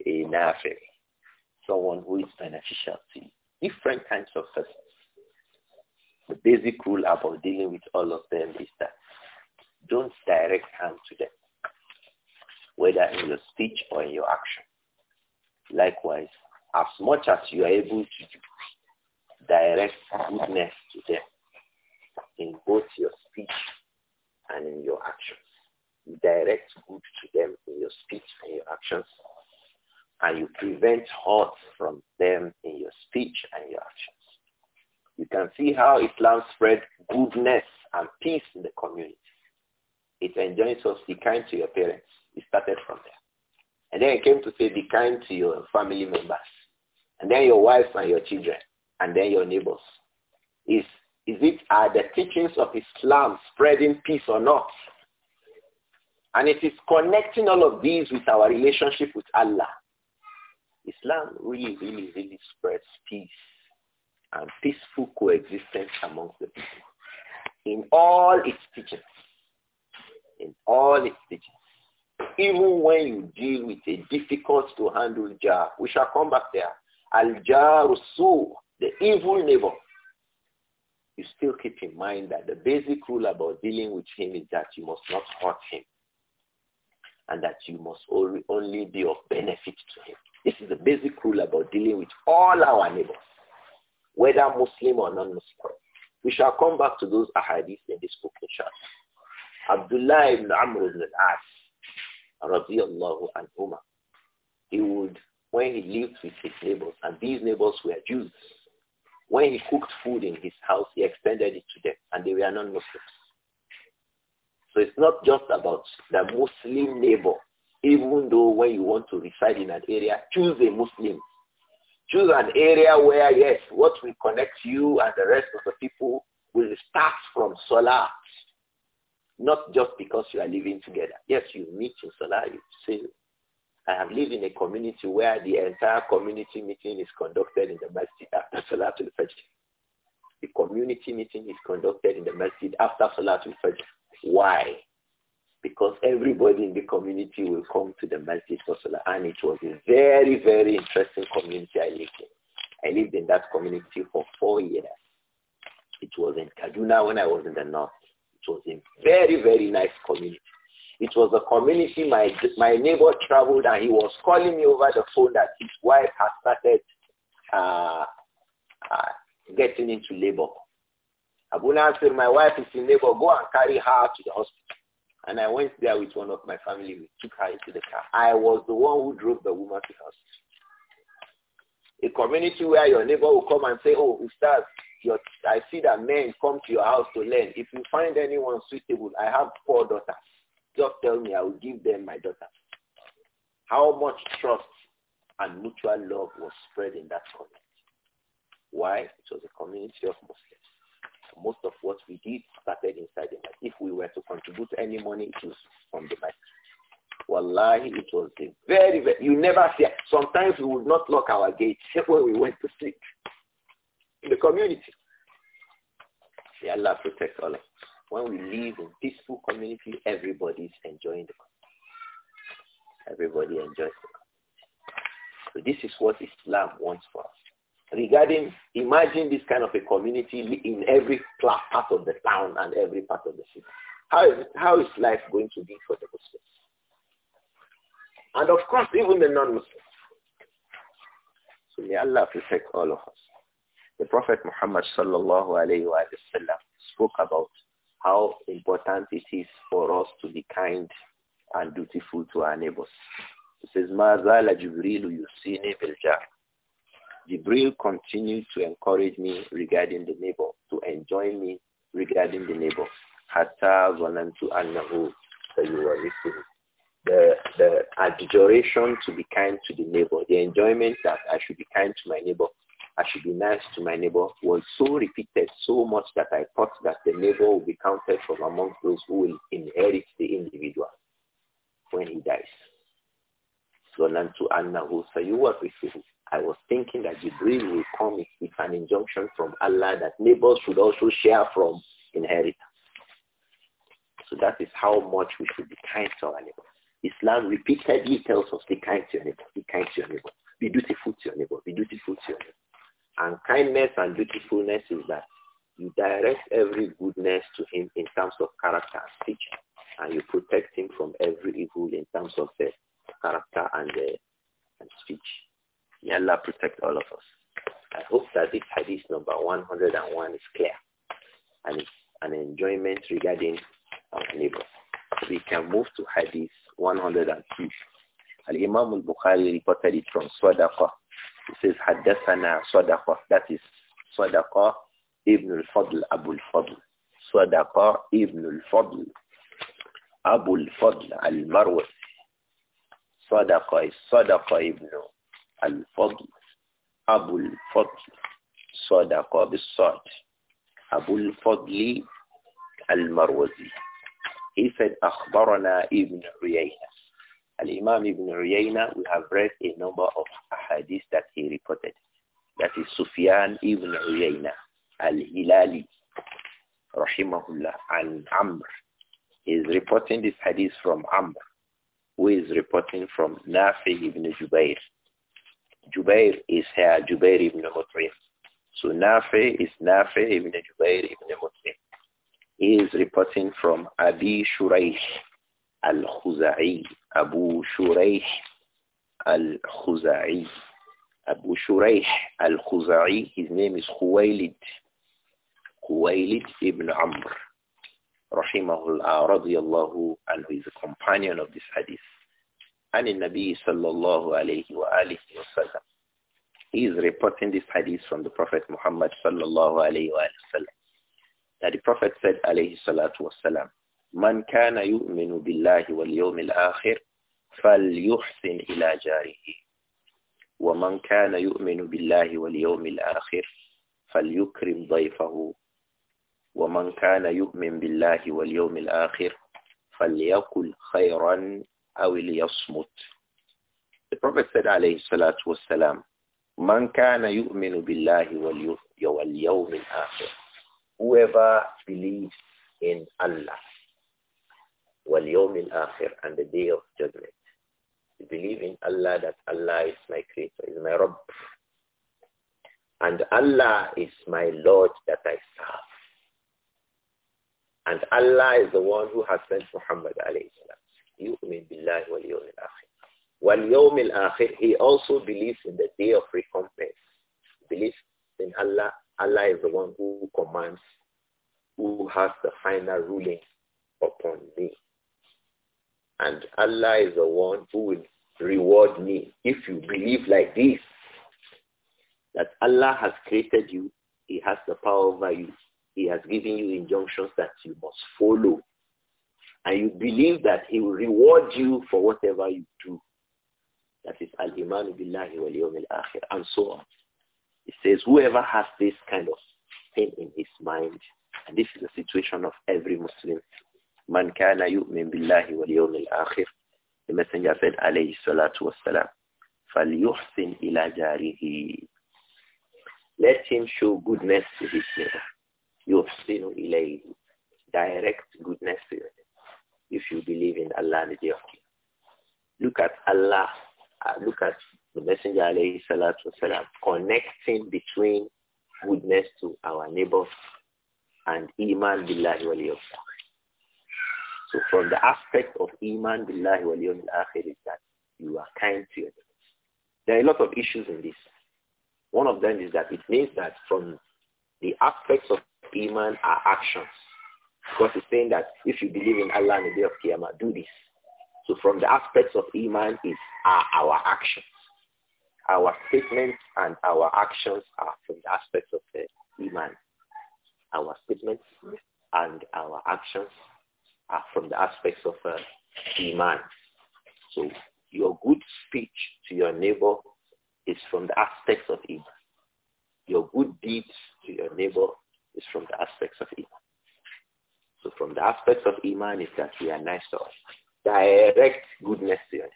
a nafir, someone who is beneficial to you. Different kinds of persons. The basic rule about dealing with all of them is that don't direct harm to them, whether in your speech or in your action. Likewise, as much as you are able to do, direct goodness to them in both your speech and in your actions. You direct good to them in your speech and your actions, and you prevent hurt from them in your speech and your actions. You can see how Islam spread goodness and peace in the community. It enjoins us be kind to your parents. It started from there. And then it came to say be kind to your family members. And then your wives and your children. And then your neighbors. It's is it are the teachings of Islam spreading peace or not? And it is connecting all of these with our relationship with Allah. Islam really, really, really spreads peace and peaceful coexistence amongst the people in all its teachings. In all its teachings. Even when you deal with a difficult to handle jar, we shall come back there. Al-jarusu, the evil neighbor you still keep in mind that the basic rule about dealing with him is that you must not hurt him and that you must only be of benefit to him. This is the basic rule about dealing with all our neighbors, whether Muslim or non-Muslim. We shall come back to those ahadith in this book, inshallah. Abdullah ibn Amr ibn al-As, radiallahu anhumah, he would, when he lived with his neighbors, and these neighbors were Jews, when he cooked food in his house, he extended it to them, and they were non-Muslims. So it's not just about the Muslim neighbor. Even though when you want to reside in an area, choose a Muslim. Choose an area where, yes, what will connect you and the rest of the people will start from Salah not just because you are living together. Yes, you meet in Salah, you say I have lived in a community where the entire community meeting is conducted in the masjid after Salatul Fajr. The community meeting is conducted in the masjid after Salatul Fajr. Why? Because everybody in the community will come to the masjid for Salah. And it was a very, very interesting community I lived in. I lived in that community for four years. It was in Kaduna when I was in the north. It was a very, very nice community it was a community. My, my neighbor traveled and he was calling me over the phone that his wife had started uh, uh, getting into labor. Abu said, my wife is in labor. Go and carry her to the hospital. And I went there with one of my family. We took her into the car. I was the one who drove the woman to the hospital. A community where your neighbor will come and say, oh, Ustaz, your, I see that men come to your house to learn. If you find anyone suitable, I have four daughters. Just tell me, I will give them my daughter. How much trust and mutual love was spread in that community? Why? It was a community of Muslims. Most of what we did started inside the mosque. If we were to contribute any money, it was from the mosque. Wallahi, it was a very, very, you never see, sometimes we would not lock our gates (laughs) when we went to sleep in the community. May Allah protect all of us. When we live in peaceful community, everybody is enjoying the community. Everybody enjoys the community. So this is what Islam wants for us. Regarding, imagine this kind of a community in every part of the town and every part of the city. How is, how is life going to be for the Muslims? And of course, even the non-Muslims. So may Allah protect all of us. The Prophet Muhammad sallallahu alayhi wa spoke about how important it is for us to be kind and dutiful to our neighbors. It says, Mazala Jibril Yusini Biljar. Jibril continued to encourage me regarding the neighbor, to enjoy me regarding the neighbor. Hatta Zonantu Annahu the, the adjuration to be kind to the neighbor, the enjoyment that I should be kind to my neighbor I should be nice to my neighbor was so repeated so much that I thought that the neighbor will be counted from among those who will inherit the individual when he dies. I was thinking that Jibril will come with an injunction from Allah that neighbors should also share from inheritance. So that is how much we should be kind to our neighbors. Islam repeatedly tells us be kind to your neighbor, be kind to your neighbor, be dutiful to your neighbor, be dutiful to your neighbor. And kindness and dutifulness is that you direct every goodness to him in terms of character and speech, and you protect him from every evil in terms of the character and the and speech. May Allah protect all of us. I hope that this hadith number 101 is clear and it's an enjoyment regarding our neighbor. We can move to hadith 102. Al-Imam al-Bukhari reported it from Sadaqah says حدثنا صدقة that is صدقة ابن الفضل أبو الفضل صدقة ابن الفضل أبو الفضل المروزي صدقة صدقة ابن الفضل أبو الفضل صدقة بالصاد أبو الفضل المروزي He said أخبرنا ابن عيينة Al-Imam Ibn Uyayna, we have read a number of hadiths that he reported. That is Sufyan Ibn Uyayna, Al-Hilali, Rahimahullah, and Amr. He is reporting this hadith from Amr, who is reporting from Nafi Ibn Jubair. Jubair is here, Jubair Ibn Mut'im. So Nafi is Nafi Ibn Jubair Ibn Mut'im. He is reporting from Abi Shuraish Al-Khuzai Abu Shuraih al-Khuzai. Abu Shuraih al his name is Khuwailid. Khuwailid ibn Amr, rahimahullah, radiyallahu anhu, is a companion of this hadith. And in Nabi sallallahu alayhi wa He is reporting this hadith from the Prophet Muhammad sallallahu alayhi wa sallam. That the Prophet said alayhi Man kana yu'minu billahi wal yawmil akhir falyuhsin ila jarihi. ومن كان يؤمن بالله واليوم الآخر فليكرم ضيفه ومن كان يؤمن بالله واليوم الآخر فليقل خيرا أو ليصمت The Prophet said عليه الصلاة والسلام من كان يؤمن بالله واليوم الآخر Whoever believes in Allah وَالْيَوْمِ الْآخِرِ and the day of judgment. We believe in Allah that Allah is my creator, is my Rabb. And Allah is my Lord that I serve. And Allah is the one who has sent Muhammad alayhi salam. يُؤْمِن بِاللَّهِ وَالْيَوْمِ الْآخِرِ وَالْيَوْمِ الْآخِرِ He also believes in the day of recompense. Believes in Allah. Allah is the one who commands, who has the final ruling upon me. And Allah is the one who will reward me if you believe like this. That Allah has created you. He has the power over you. He has given you injunctions that you must follow. And you believe that he will reward you for whatever you do. That is al-iman billahi wal yawm al-akhir and so on. He says whoever has this kind of thing in his mind, and this is the situation of every Muslim Man kana yu'min billahi wal yawmil akhir. The messenger said, alayhi salatu wassalam, falyuhsin ila jarihi. Let him show goodness to his neighbor. seen ilayhi. Direct goodness to him. if you believe in Allah and the day of Look at Allah. Uh, look at the Messenger alayhi salatu wasalam, connecting between goodness to our neighbors and iman billahi wal yawm so from the aspect of Iman Billahi wal Yawmil Akhir is that you are kind to your There are a lot of issues in this. One of them is that it means that from the aspects of Iman are actions. Because it's saying that if you believe in Allah and the day of Qiyamah, do this. So from the aspects of Iman is are our actions. Our statements and our actions are from the aspects of the uh, Iman. Our statements and our actions are from the aspects of uh, Iman. So your good speech to your neighbor is from the aspects of Iman. Your good deeds to your neighbor is from the aspects of Iman. So from the aspects of Iman is that we are nice to us. Direct goodness to your neighbor.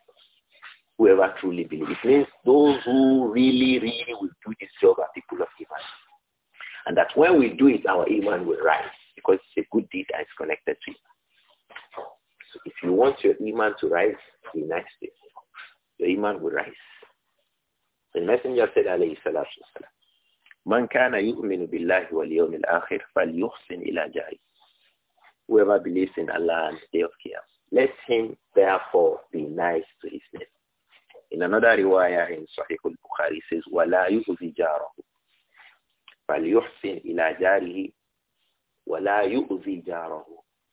Whoever truly believes. It means those who really, really will do this job are people of Iman. And that when we do it, our Iman will rise because it's a good deed and it's connected to Iman if you want your iman to rise, be nice to it. Your iman will rise. The messenger said, alayhi salatu wasalam, Man kana yu'minu billahi wal yawmil akhir falyuhsin ila jahi. Whoever believes in Allah and the day of Qiyam, let him therefore be nice to his neighbor. In another riwayah in Sahih al-Bukhari says, وَلَا يُؤْذِ جَارَهُ فَلْيُحْسِنْ إِلَى جَارِهِ وَلَا يُؤْذِ جَارَهُ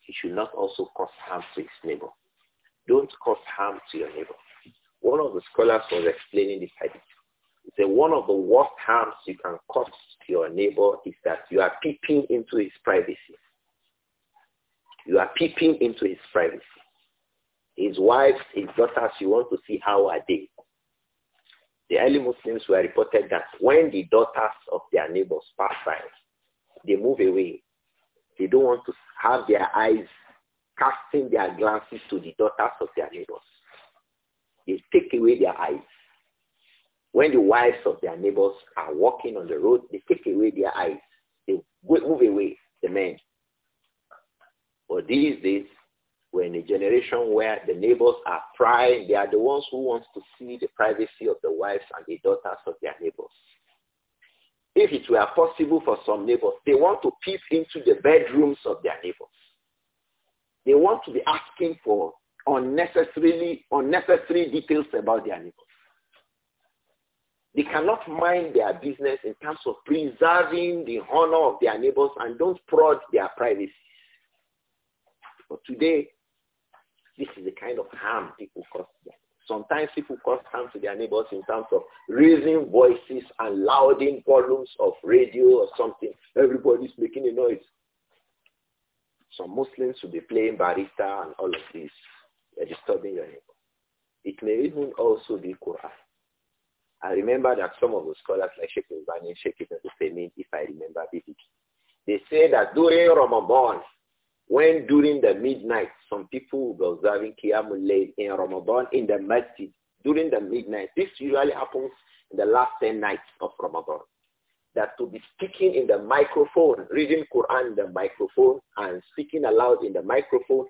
it should not also cause harm to his neighbor. Don't cause harm to your neighbor. One of the scholars was explaining this idea. He said one of the worst harms you can cause to your neighbor is that you are peeping into his privacy. You are peeping into his privacy. His wives, his daughters, you want to see how are they. The early Muslims were reported that when the daughters of their neighbors pass by, they move away they don't want to have their eyes casting their glances to the daughters of their neighbors. They take away their eyes. When the wives of their neighbors are walking on the road, they take away their eyes. They move away, the men. But these days, we're in a generation where the neighbors are prying. They are the ones who want to see the privacy of the wives and the daughters of their neighbors if it were possible for some neighbors, they want to peep into the bedrooms of their neighbors. They want to be asking for unnecessarily unnecessary details about their neighbors. They cannot mind their business in terms of preserving the honor of their neighbors and don't prod their privacy. But today, this is the kind of harm people cause them. Sometimes people cause harm to their neighbors in terms of raising voices and louding volumes of radio or something. Everybody's making a noise. Some Muslims will be playing barista and all of this. They're disturbing your neighbor. It may even also be Quran. I remember that some of the scholars like Sheikh Ibn Bani, Sheikh Ibn if I remember vividly, they say that during Ramadan, when during the midnight, some people will be observing Qiyamul Layl in Ramadan in the masjid during the midnight. This usually happens in the last 10 nights of Ramadan. That to be speaking in the microphone, reading Quran in the microphone and speaking aloud in the microphone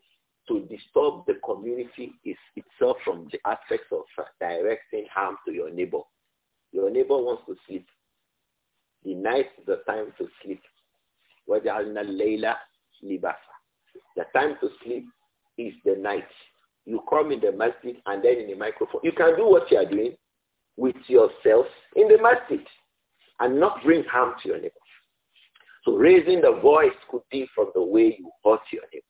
to disturb the community is itself from the aspects of directing harm to your neighbor. Your neighbor wants to sleep. The night is the time to sleep. وَجَعَلْنَا اللَّيْلَ لِبَاسًا the time to sleep is the night. You come in the masjid and then in the microphone. You can do what you are doing with yourself in the masjid and not bring harm to your neighbor. So raising the voice could be from the way you hurt your neighbor.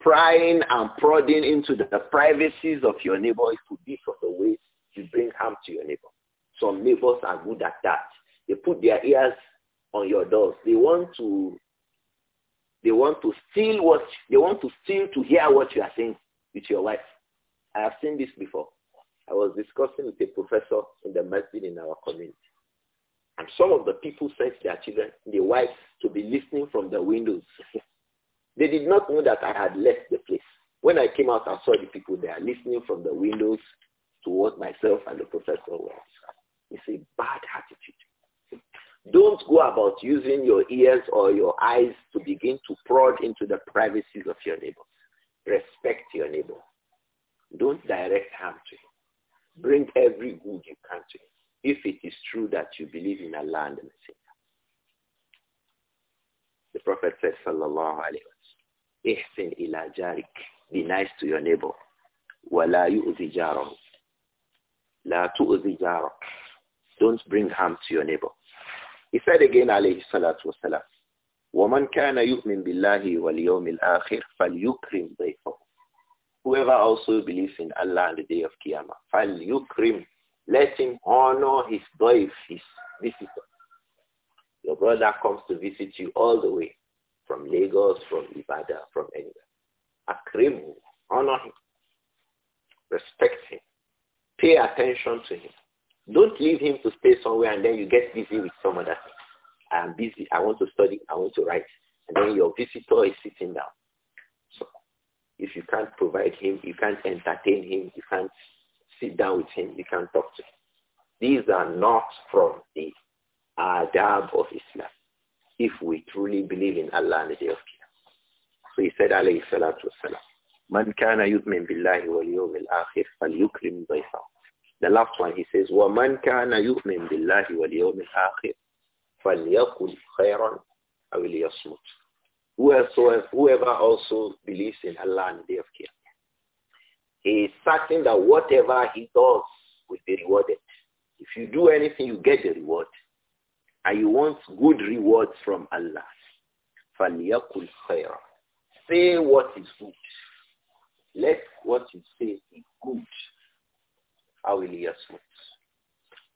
Prying and prodding into the privacies of your neighbor could be from the way you bring harm to your neighbor. Some neighbors are good at that. They put their ears on your doors. They want to they want to steal what they want to steal to hear what you are saying with your wife. I have seen this before. I was discussing with a professor in the masjid in our community. And some of the people sent their children, their wives, to be listening from the windows. (laughs) they did not know that I had left the place. When I came out, I saw the people there listening from the windows to what myself and the professor were. It's a bad attitude. Don't go about using your ears or your eyes to begin to prod into the privacies of your neighbor. Respect your neighbor. Don't direct harm to him. Bring every good you can to him if it is true that you believe in Allah and the Messenger. The Prophet said, Sallallahu Alaihi Wasallam, ila be nice to your neighbor. وَلَا يُؤْذِ جَارَهُ لَا تُؤْذِ جَارَكَ Don't bring harm to your neighbor. He said again, alayhi salatu wasalam, وَمَنْ كَانَ يُؤْمِنْ بِاللَّهِ وَالْيَوْمِ الْآخِرِ فَلْيُكْرِمْ ضَيْفَهُ Whoever also believes in Allah and the day of Qiyamah, فَلْيُكْرِمْ Let him honor his ضَيْف, his visitor. Your brother comes to visit you all the way from Lagos, from Ibada, from anywhere. Akrim, honor him. Respect him. Pay attention to him. Don't leave him to stay somewhere and then you get busy with some other thing. I'm busy. I want to study. I want to write. And then your visitor is sitting down. So if you can't provide him, you can't entertain him, you can't sit down with him, you can't talk to him. These are not from the adab of Islam if we truly believe in Allah and the day of Qiyamah. So he said, alayhi salatu wasalam, man kana yu'min billahi wal al akhir al-yukrim dayfahu. The last one, he says, وَمَنْ كَانَ يُؤْمِنْ بِاللَّهِ وَالْيَوْمِ الْآخِرِ فَلْيَقُلْ خَيْرًا أَوْ لِيَصْمُتْ whoever, also believes in Allah and the day of Qiyamah, he is certain that whatever he does will be rewarded. If you do anything, you get the reward. And you want good rewards from Allah. فَلْيَقُلْ خَيْرًا Say what is good. Let what you say be good awili yasmut.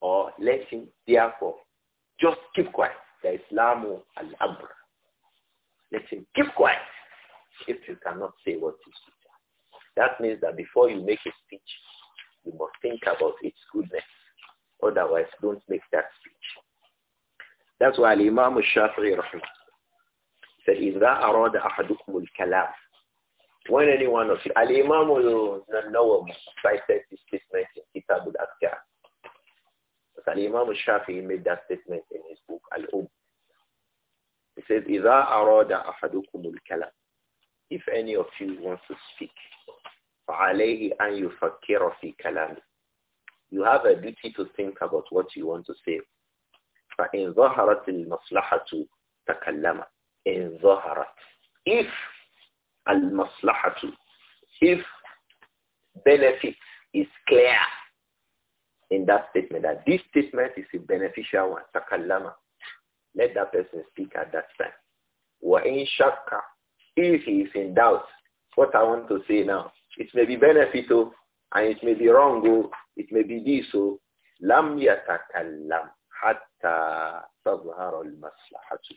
Or let him therefore just keep quiet. The Islamu al-amr. Let him keep quiet if you cannot say what you speak. That means that before you make a speech, you must think about its goodness. Otherwise, don't make that speech. That's why Imam Shafi'i said, إذا أراد أحدكم الكلام when anyone of you, Ali imam al-Nawawi cited this statement in Kitab al-Akhtar. But Al-Imam al Shafi made that statement in his book, Al-Um. He says, إِذَا أَرَادَ أَحَدُكُمُ الْكَلَامِ If any of you wants to speak, فَعَلَيْهِ أَنْ يُفَكِّرَ فِي كَلَامِ You have a duty to think about what you want to say. فَإِنْ ظَهَرَتِ الْمَصْلَحَةُ تَكَلَّمَ إِنْ ظَهَرَتْ If al-maslahatu. If benefit is clear in that statement, that this statement is a beneficial one, takallama, let that person speak at that time. Wa in shakka, if he is in doubt, what I want to say now, it may be beneficial oh, and it may be wrong, oh, it may be this, so oh, lam yatakallam hatta tazhar al-maslahatu.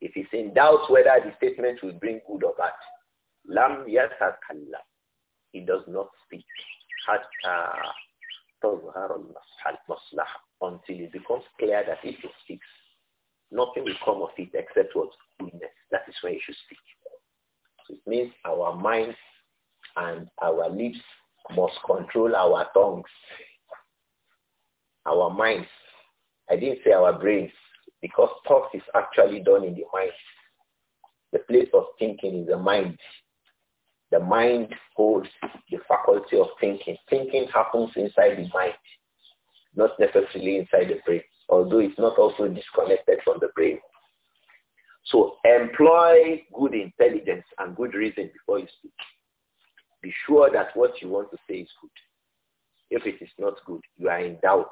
If he's in doubt whether the statement will bring good or bad, lam yatakallam. He does not speak until it becomes clear that if he speaks, nothing will come of it except what goodness. That is when you should speak. So it means our minds and our lips must control our tongues. Our minds. I didn't say our brains. Because thought is actually done in the mind. The place of thinking is the mind. The mind holds the faculty of thinking. Thinking happens inside the mind, not necessarily inside the brain, although it's not also disconnected from the brain. So employ good intelligence and good reason before you speak. Be sure that what you want to say is good. If it is not good, you are in doubt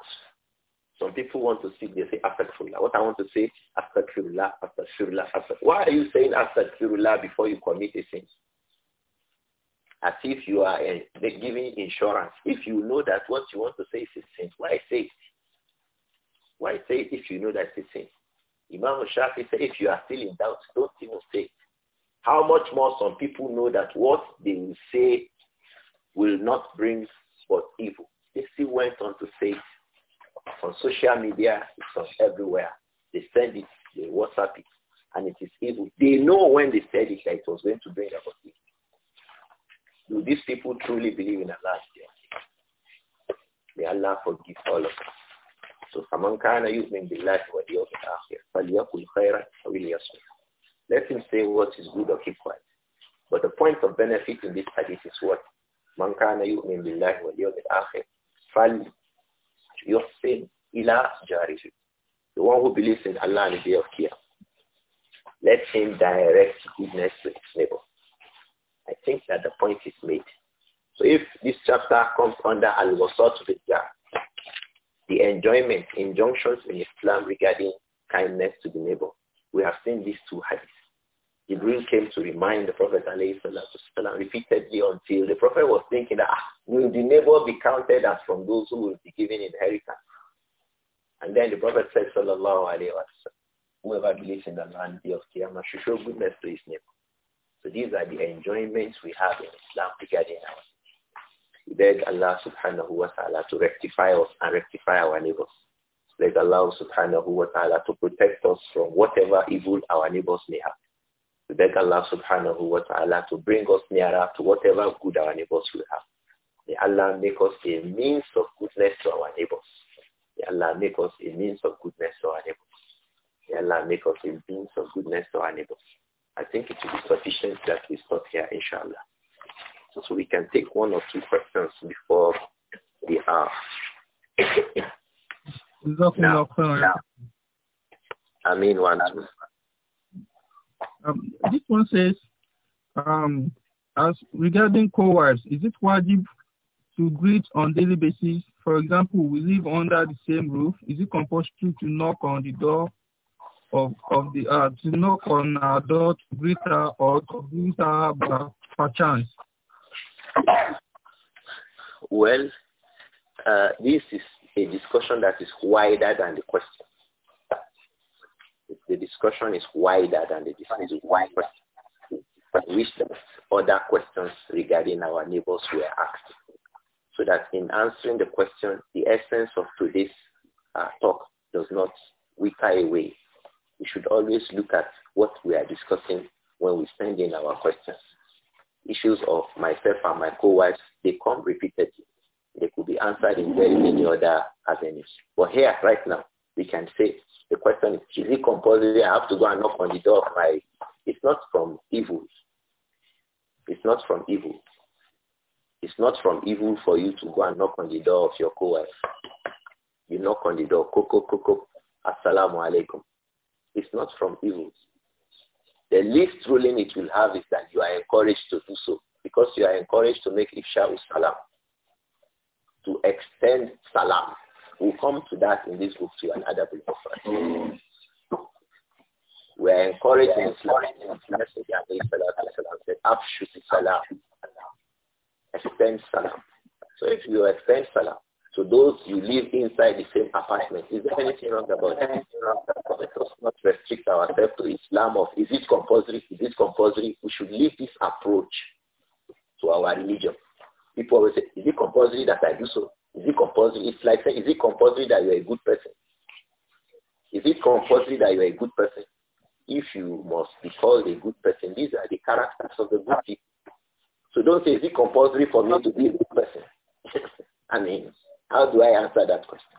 some people want to see they say Astaghfirullah. What I want to say, Astaghfirullah, Astaghfirullah, Astaghfirullah. Why are you saying Astaghfirullah before you commit a sin? As if you are uh, giving insurance. If you know that what you want to say is a sin, why say it? Why say it if you know that it's a sin? Imam Shafi said, if you are still in doubt, don't even say it. How much more some people know that what they will say will not bring but evil. They still went on to say on social media, it's on everywhere. They send it, they WhatsApp it, and it is evil. They know when they said it that it was going to bring about evil. Do these people truly believe in Allah? May Allah forgive all of us. So فَمَنْ كَانَ يُؤْمِنْ بِاللَّهِ وَالْيَوْمِ الْآخِرِ فَلْيَقُلْ خَيْرًا أَوْ لِيَصْمِتْ Let him say what is good or keep quiet. But the point of benefit in this hadith is what? man مَنْ كَانَ يُؤْمِنْ بِاللَّهِ وَالْيَوْمِ الْآخِرِ يحسن إلى جاره. The one who believes in Allah on the day of Qiyam. Let him direct goodness to his neighbor. I think that the point is made. So if this chapter comes under Al-Wasat Rizqah, the enjoyment, injunctions in Islam regarding kindness to the neighbor, we have seen these two hadiths. Ibrahim came to remind the Prophet والسلام, repeatedly until the Prophet was thinking that ah, will the neighbor be counted as from those who will be given inheritance? And then the Prophet said, Sallallahu Alaihi Wasallam, whoever believes in the land of Qiyamah should show goodness to his neighbor. So these are the enjoyments we have in Islam regarding our We beg Allah subhanahu wa ta'ala to rectify us and rectify our neighbors. Beg Allah subhanahu wa ta'ala to protect us from whatever evil our neighbors may have. We beg Allah subhanahu wa ta'ala to bring us nearer to whatever good our neighbors will have. May Allah make us a means of goodness to our neighbors. May Allah make us a means of goodness to our neighbors. May Allah make us a means of goodness to our neighbors. I think it will be sufficient that we stop here, inshallah. So, so we can take one or two questions before the hour. now, now, I mean, one, two. Um, this one says, um, as regarding co-wives, is it wajib to greet on daily basis? For example, we live under the same roof. Is it compulsory to knock on the door of, of the uh, to knock on our door to greet her or to greet her by, by chance? Well, uh, this is a discussion that is wider than the question. The discussion is wider than the discussion is wider. But wish that other questions regarding our neighbors were asked. So that in answering the question, the essence of today's uh, talk does not wither away. We should always look at what we are discussing when we send in our questions. Issues of myself and my co-wives, they come repeatedly. They could be answered in very many other avenues. But here, right now, we can say. The question is, is it compulsory? I have to go and knock on the door of my... It's not from evil. It's not from evil. It's not from evil for you to go and knock on the door of your co-wife. You knock on the door, koko koko, assalamu alaikum. It's not from evil. The least ruling it will have is that you are encouraged to do so because you are encouraged to make ifsha'u salam, to extend salam. We'll come to that in this book too, and other book. We are encouraging Islam. said, Abshu salam. Extend salam. So if you extend salam to so those you live inside the same apartment, is there anything wrong about it? Let us not restrict ourselves to Islam of is it compulsory? Is it compulsory? We should leave this approach to our religion. People always say, is it compulsory that I do so? Is it compulsory? It's like saying, is it compulsory that you're a good person? Is it compulsory that you're a good person? If you must be called a good person, these are the characters of the good people. So don't say, is it compulsory for me to be a good person? (laughs) I mean, how do I answer that question?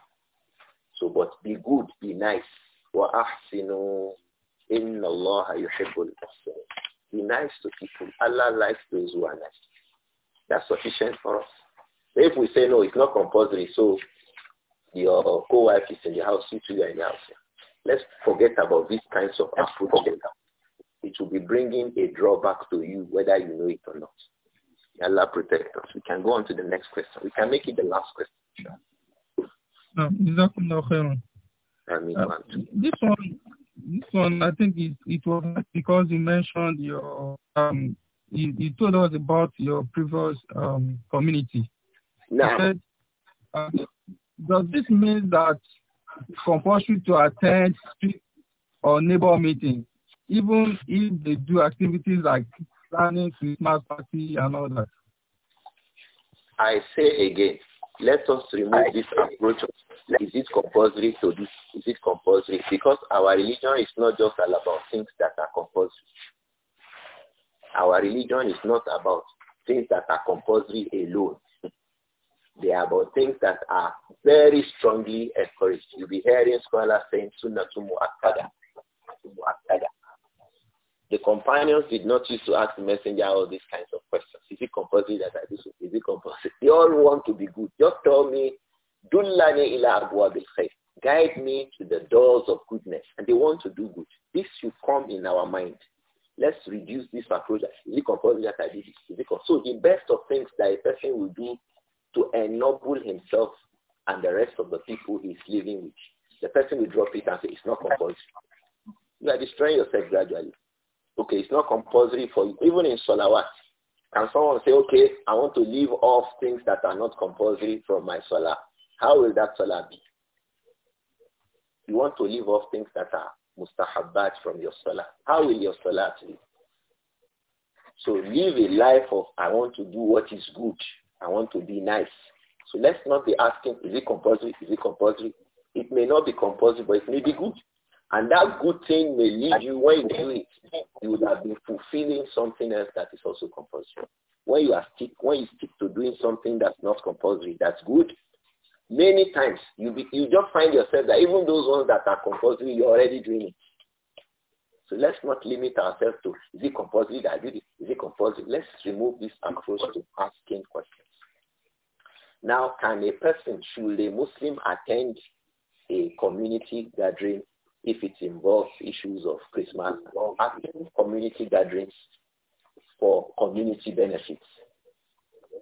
So, but be good, be nice. وَأَحْسِنُوا إِنَّ اللَّهَ يُحِبُّ الْمُحْسِنِينَ Be nice to people. Allah likes those who are nice. That's sufficient for us if we say no, it's not compulsory, so your co-wife is in the house, you two are in the house. Let's forget about these kinds of approaches. It will be bringing a drawback to you, whether you know it or not. Allah protect us. We can go on to the next question. We can make it the last question. Sure. Uh, this one, this one, I think it, it was because you mentioned your, um, you, you told us about your previous um, community. Uh, does this mean that compulsory to attend or neighbor meeting, even if they do activities like planning Christmas party and all that? I say again, let us remove this approach. Is it compulsory to do? Is it compulsory? Because our religion is not just all about things that are compulsory. Our religion is not about things that are compulsory alone. They are about things that are very strongly encouraged. You'll be hearing scholars saying Sunnah to Mu'akkada. The companions did not used to ask the messenger all these kinds of questions. Is it compulsory that I do Is it compulsory? They all want to be good. Just tell me, Dullani ila abwabil khair. Guide me to the doors of goodness. And they want to do good. This should come in our mind. Let's reduce this approach. Is it compulsory that I do this? So the best of things that a person will do to ennoble himself and the rest of the people he's living with. The person will drop it and say, it's not compulsory. You are destroying yourself gradually. Okay, it's not compulsory for you. Even in Salawat, can someone say, okay, I want to leave off things that are not compulsory from my Salah? How will that Salah be? You want to leave off things that are mustahabbat from your Salah. How will your Salah be? So live a life of, I want to do what is good I want to be nice. So let's not be asking, is it compulsory? Is it compulsory? It may not be compulsory, but it may be good. And that good thing may lead you, when you do it, you would have been fulfilling something else that is also compulsory. When you, are stick, when you stick to doing something that's not compulsory, that's good, many times you, be, you just find yourself that even those ones that are compulsory, you're already doing it. So let's not limit ourselves to, is it compulsory that I did it? Is it compulsory? Let's remove this approach to asking questions. Now, can a person, should a Muslim attend a community gathering if it involves issues of Christmas or attend community gatherings for community benefits?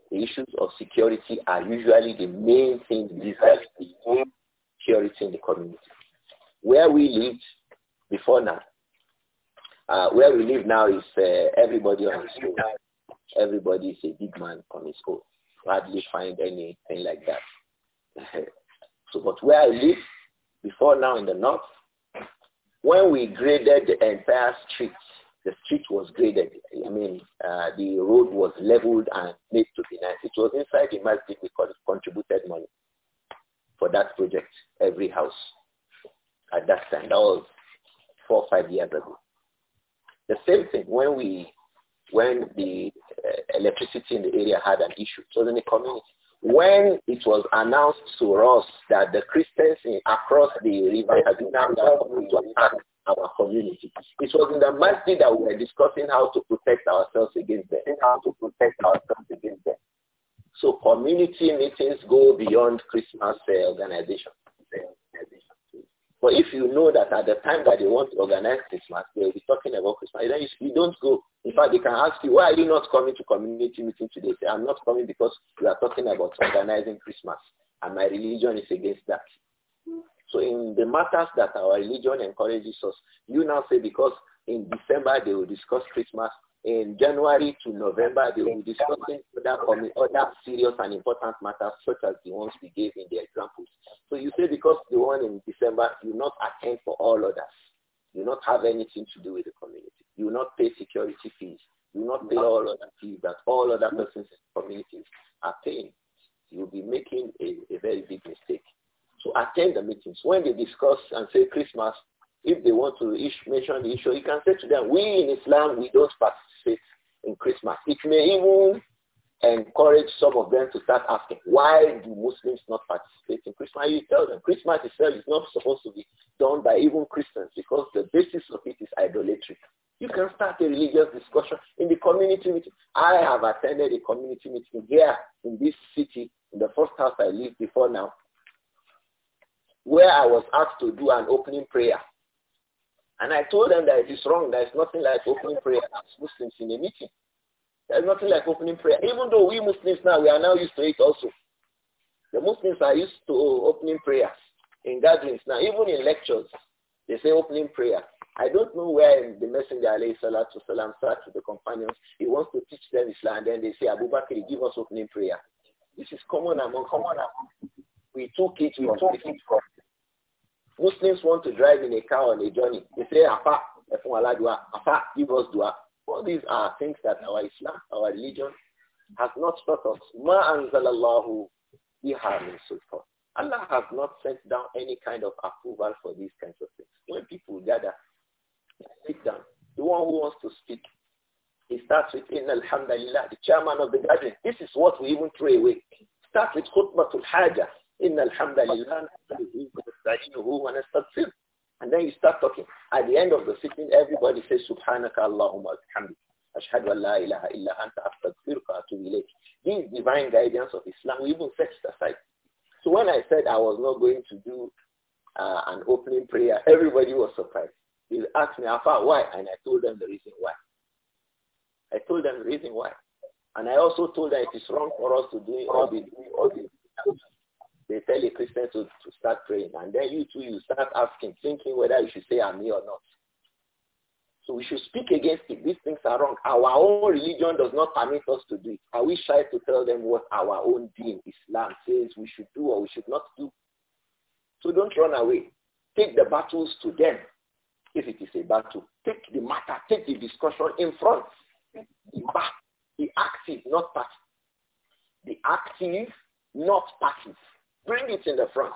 The issues of security are usually the main thing these are security in the community. Where we lived before now, uh, where we live now is uh, everybody on his own. Everybody is a big man on his own hardly find anything like that. (laughs) so, but where I live, before now in the north, when we graded the entire street, the street was graded. I mean, uh, the road was leveled and made to be nice. It was inside the municipality because it contributed money for that project, every house at that time. That was four or five years ago. The same thing when we when the uh, electricity in the area had an issue. So in the community, when it was announced to us that the Christians in, across the river had attacked attack our community, it was in the masjid that we were discussing how to protect ourselves against them. How to protect ourselves against them. So community meetings go beyond Christmas uh, organization. But if you know that at the time that they want to organize Christmas, they'll be talking about Christmas, then you, you don't go. In fact, they can ask you, why are you not coming to community meeting today? Say, I'm not coming because you are talking about organizing Christmas and my religion is against that. So in the matters that our religion encourages us, you now say because in December they will discuss Christmas, in January to November they will discuss other, other serious and important matters such as the ones we gave in the examples. So you say because the one in December, you not attend for all others. You not have anything to do with the community. You will not pay security fees. You will not pay all other fees that all other persons in communities are paying. You will be making a, a very big mistake. So attend the meetings. When they discuss and say Christmas, if they want to mention the issue, you can say to them, we in Islam, we don't participate in Christmas. It may even encourage some of them to start asking, why do Muslims not participate in Christmas? You tell them, Christmas itself is not supposed to be done by even Christians because the basis of it is idolatry. You can start a religious discussion in the community meeting. I have attended a community meeting here in this city, in the first house I lived before now, where I was asked to do an opening prayer. And I told them that it is wrong. There is nothing like opening prayer as Muslims in a meeting. There's nothing like opening prayer. Even though we Muslims now, we are now used to it also. The Muslims are used to opening prayers in gatherings now, even in lectures. They say opening prayer. I don't know where the Messenger alayhi salatu salam starts with the companions. He wants to teach them Islam. And then they say, Abu Bakr, give us opening prayer. This is common among, common among. We took it from, took Muslims want to drive in a car on a journey. They say, Afa, Afa, give us dua. All these are things that our Islam, our religion, has not taught us. Ma anzalallahu biha min sultan. Allah has not sent down any kind of approval for these kinds of things. When people gather, sit down. The one who wants to speak, he starts with Inna alhamdulillah, the chairman of the gathering. This is what we even throw away. Start with khutbatul haja. Inna alhamdulillah, and then you start talking. At the end of the sitting, everybody says, Subhanaka Allahumma Alhamdulillah. Ashhadu an la ilaha illa anta astaghfiruka wa This divine guidance of Islam, we even set it aside. So when I said I was not going to do uh, an opening prayer, everybody was surprised. They asked me, Afa, why? And I told them the reason why. I told them the reason why. And I also told them it is wrong for us to do all the, all tell a Christian to, to start praying, and then you too, you start asking, thinking whether you should say Ami or not. So we should speak against it. These things are wrong. Our own religion does not permit us to do it. Are we shy to tell them what our own deen, Islam, says we should do or we should not do? So don't run away. Take the battles to them. If it is a battle, take the matter, take the discussion in front, Be back, the active, not passive. The active, not passive. Bring it in the front.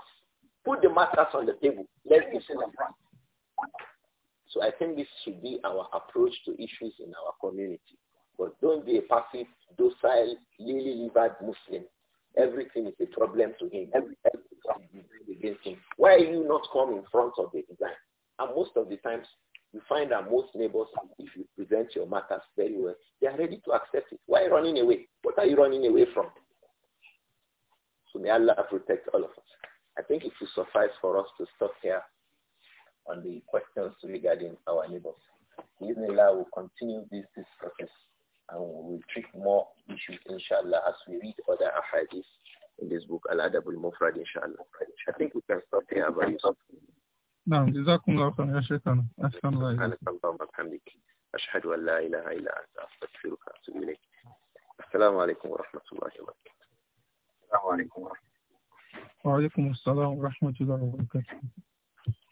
Put the matters on the table. Let it in the front. So I think this should be our approach to issues in our community. But don't be a passive, docile, lily-livered Muslim. Everything is a problem to him. Everything is against him. Why are you not come in front of the design? And most of the times, you find that most neighbors, if you present your matters very well, they are ready to accept it. Why running away? What are you running away from? So may Allah protect all of us. I think it will suffice for us to stop here on the questions regarding our neighbors. Inshallah, will continue this, this process and we'll treat more issues, inshallah, as we read other ahadith in this book, Al-Adabul Mufrad, inshallah. I think we can stop here, but you stop. نعم جزاكم الله خيرا يا شيخنا أحسن الله إليك اللهم وبحمدك أشهد أن لا إله إلا أنت أستغفرك وأتوب إليك السلام عليكم ورحمة الله وبركاته السلام عليكم ورحمة الله وعليكم السلام ورحمة الله وبركاته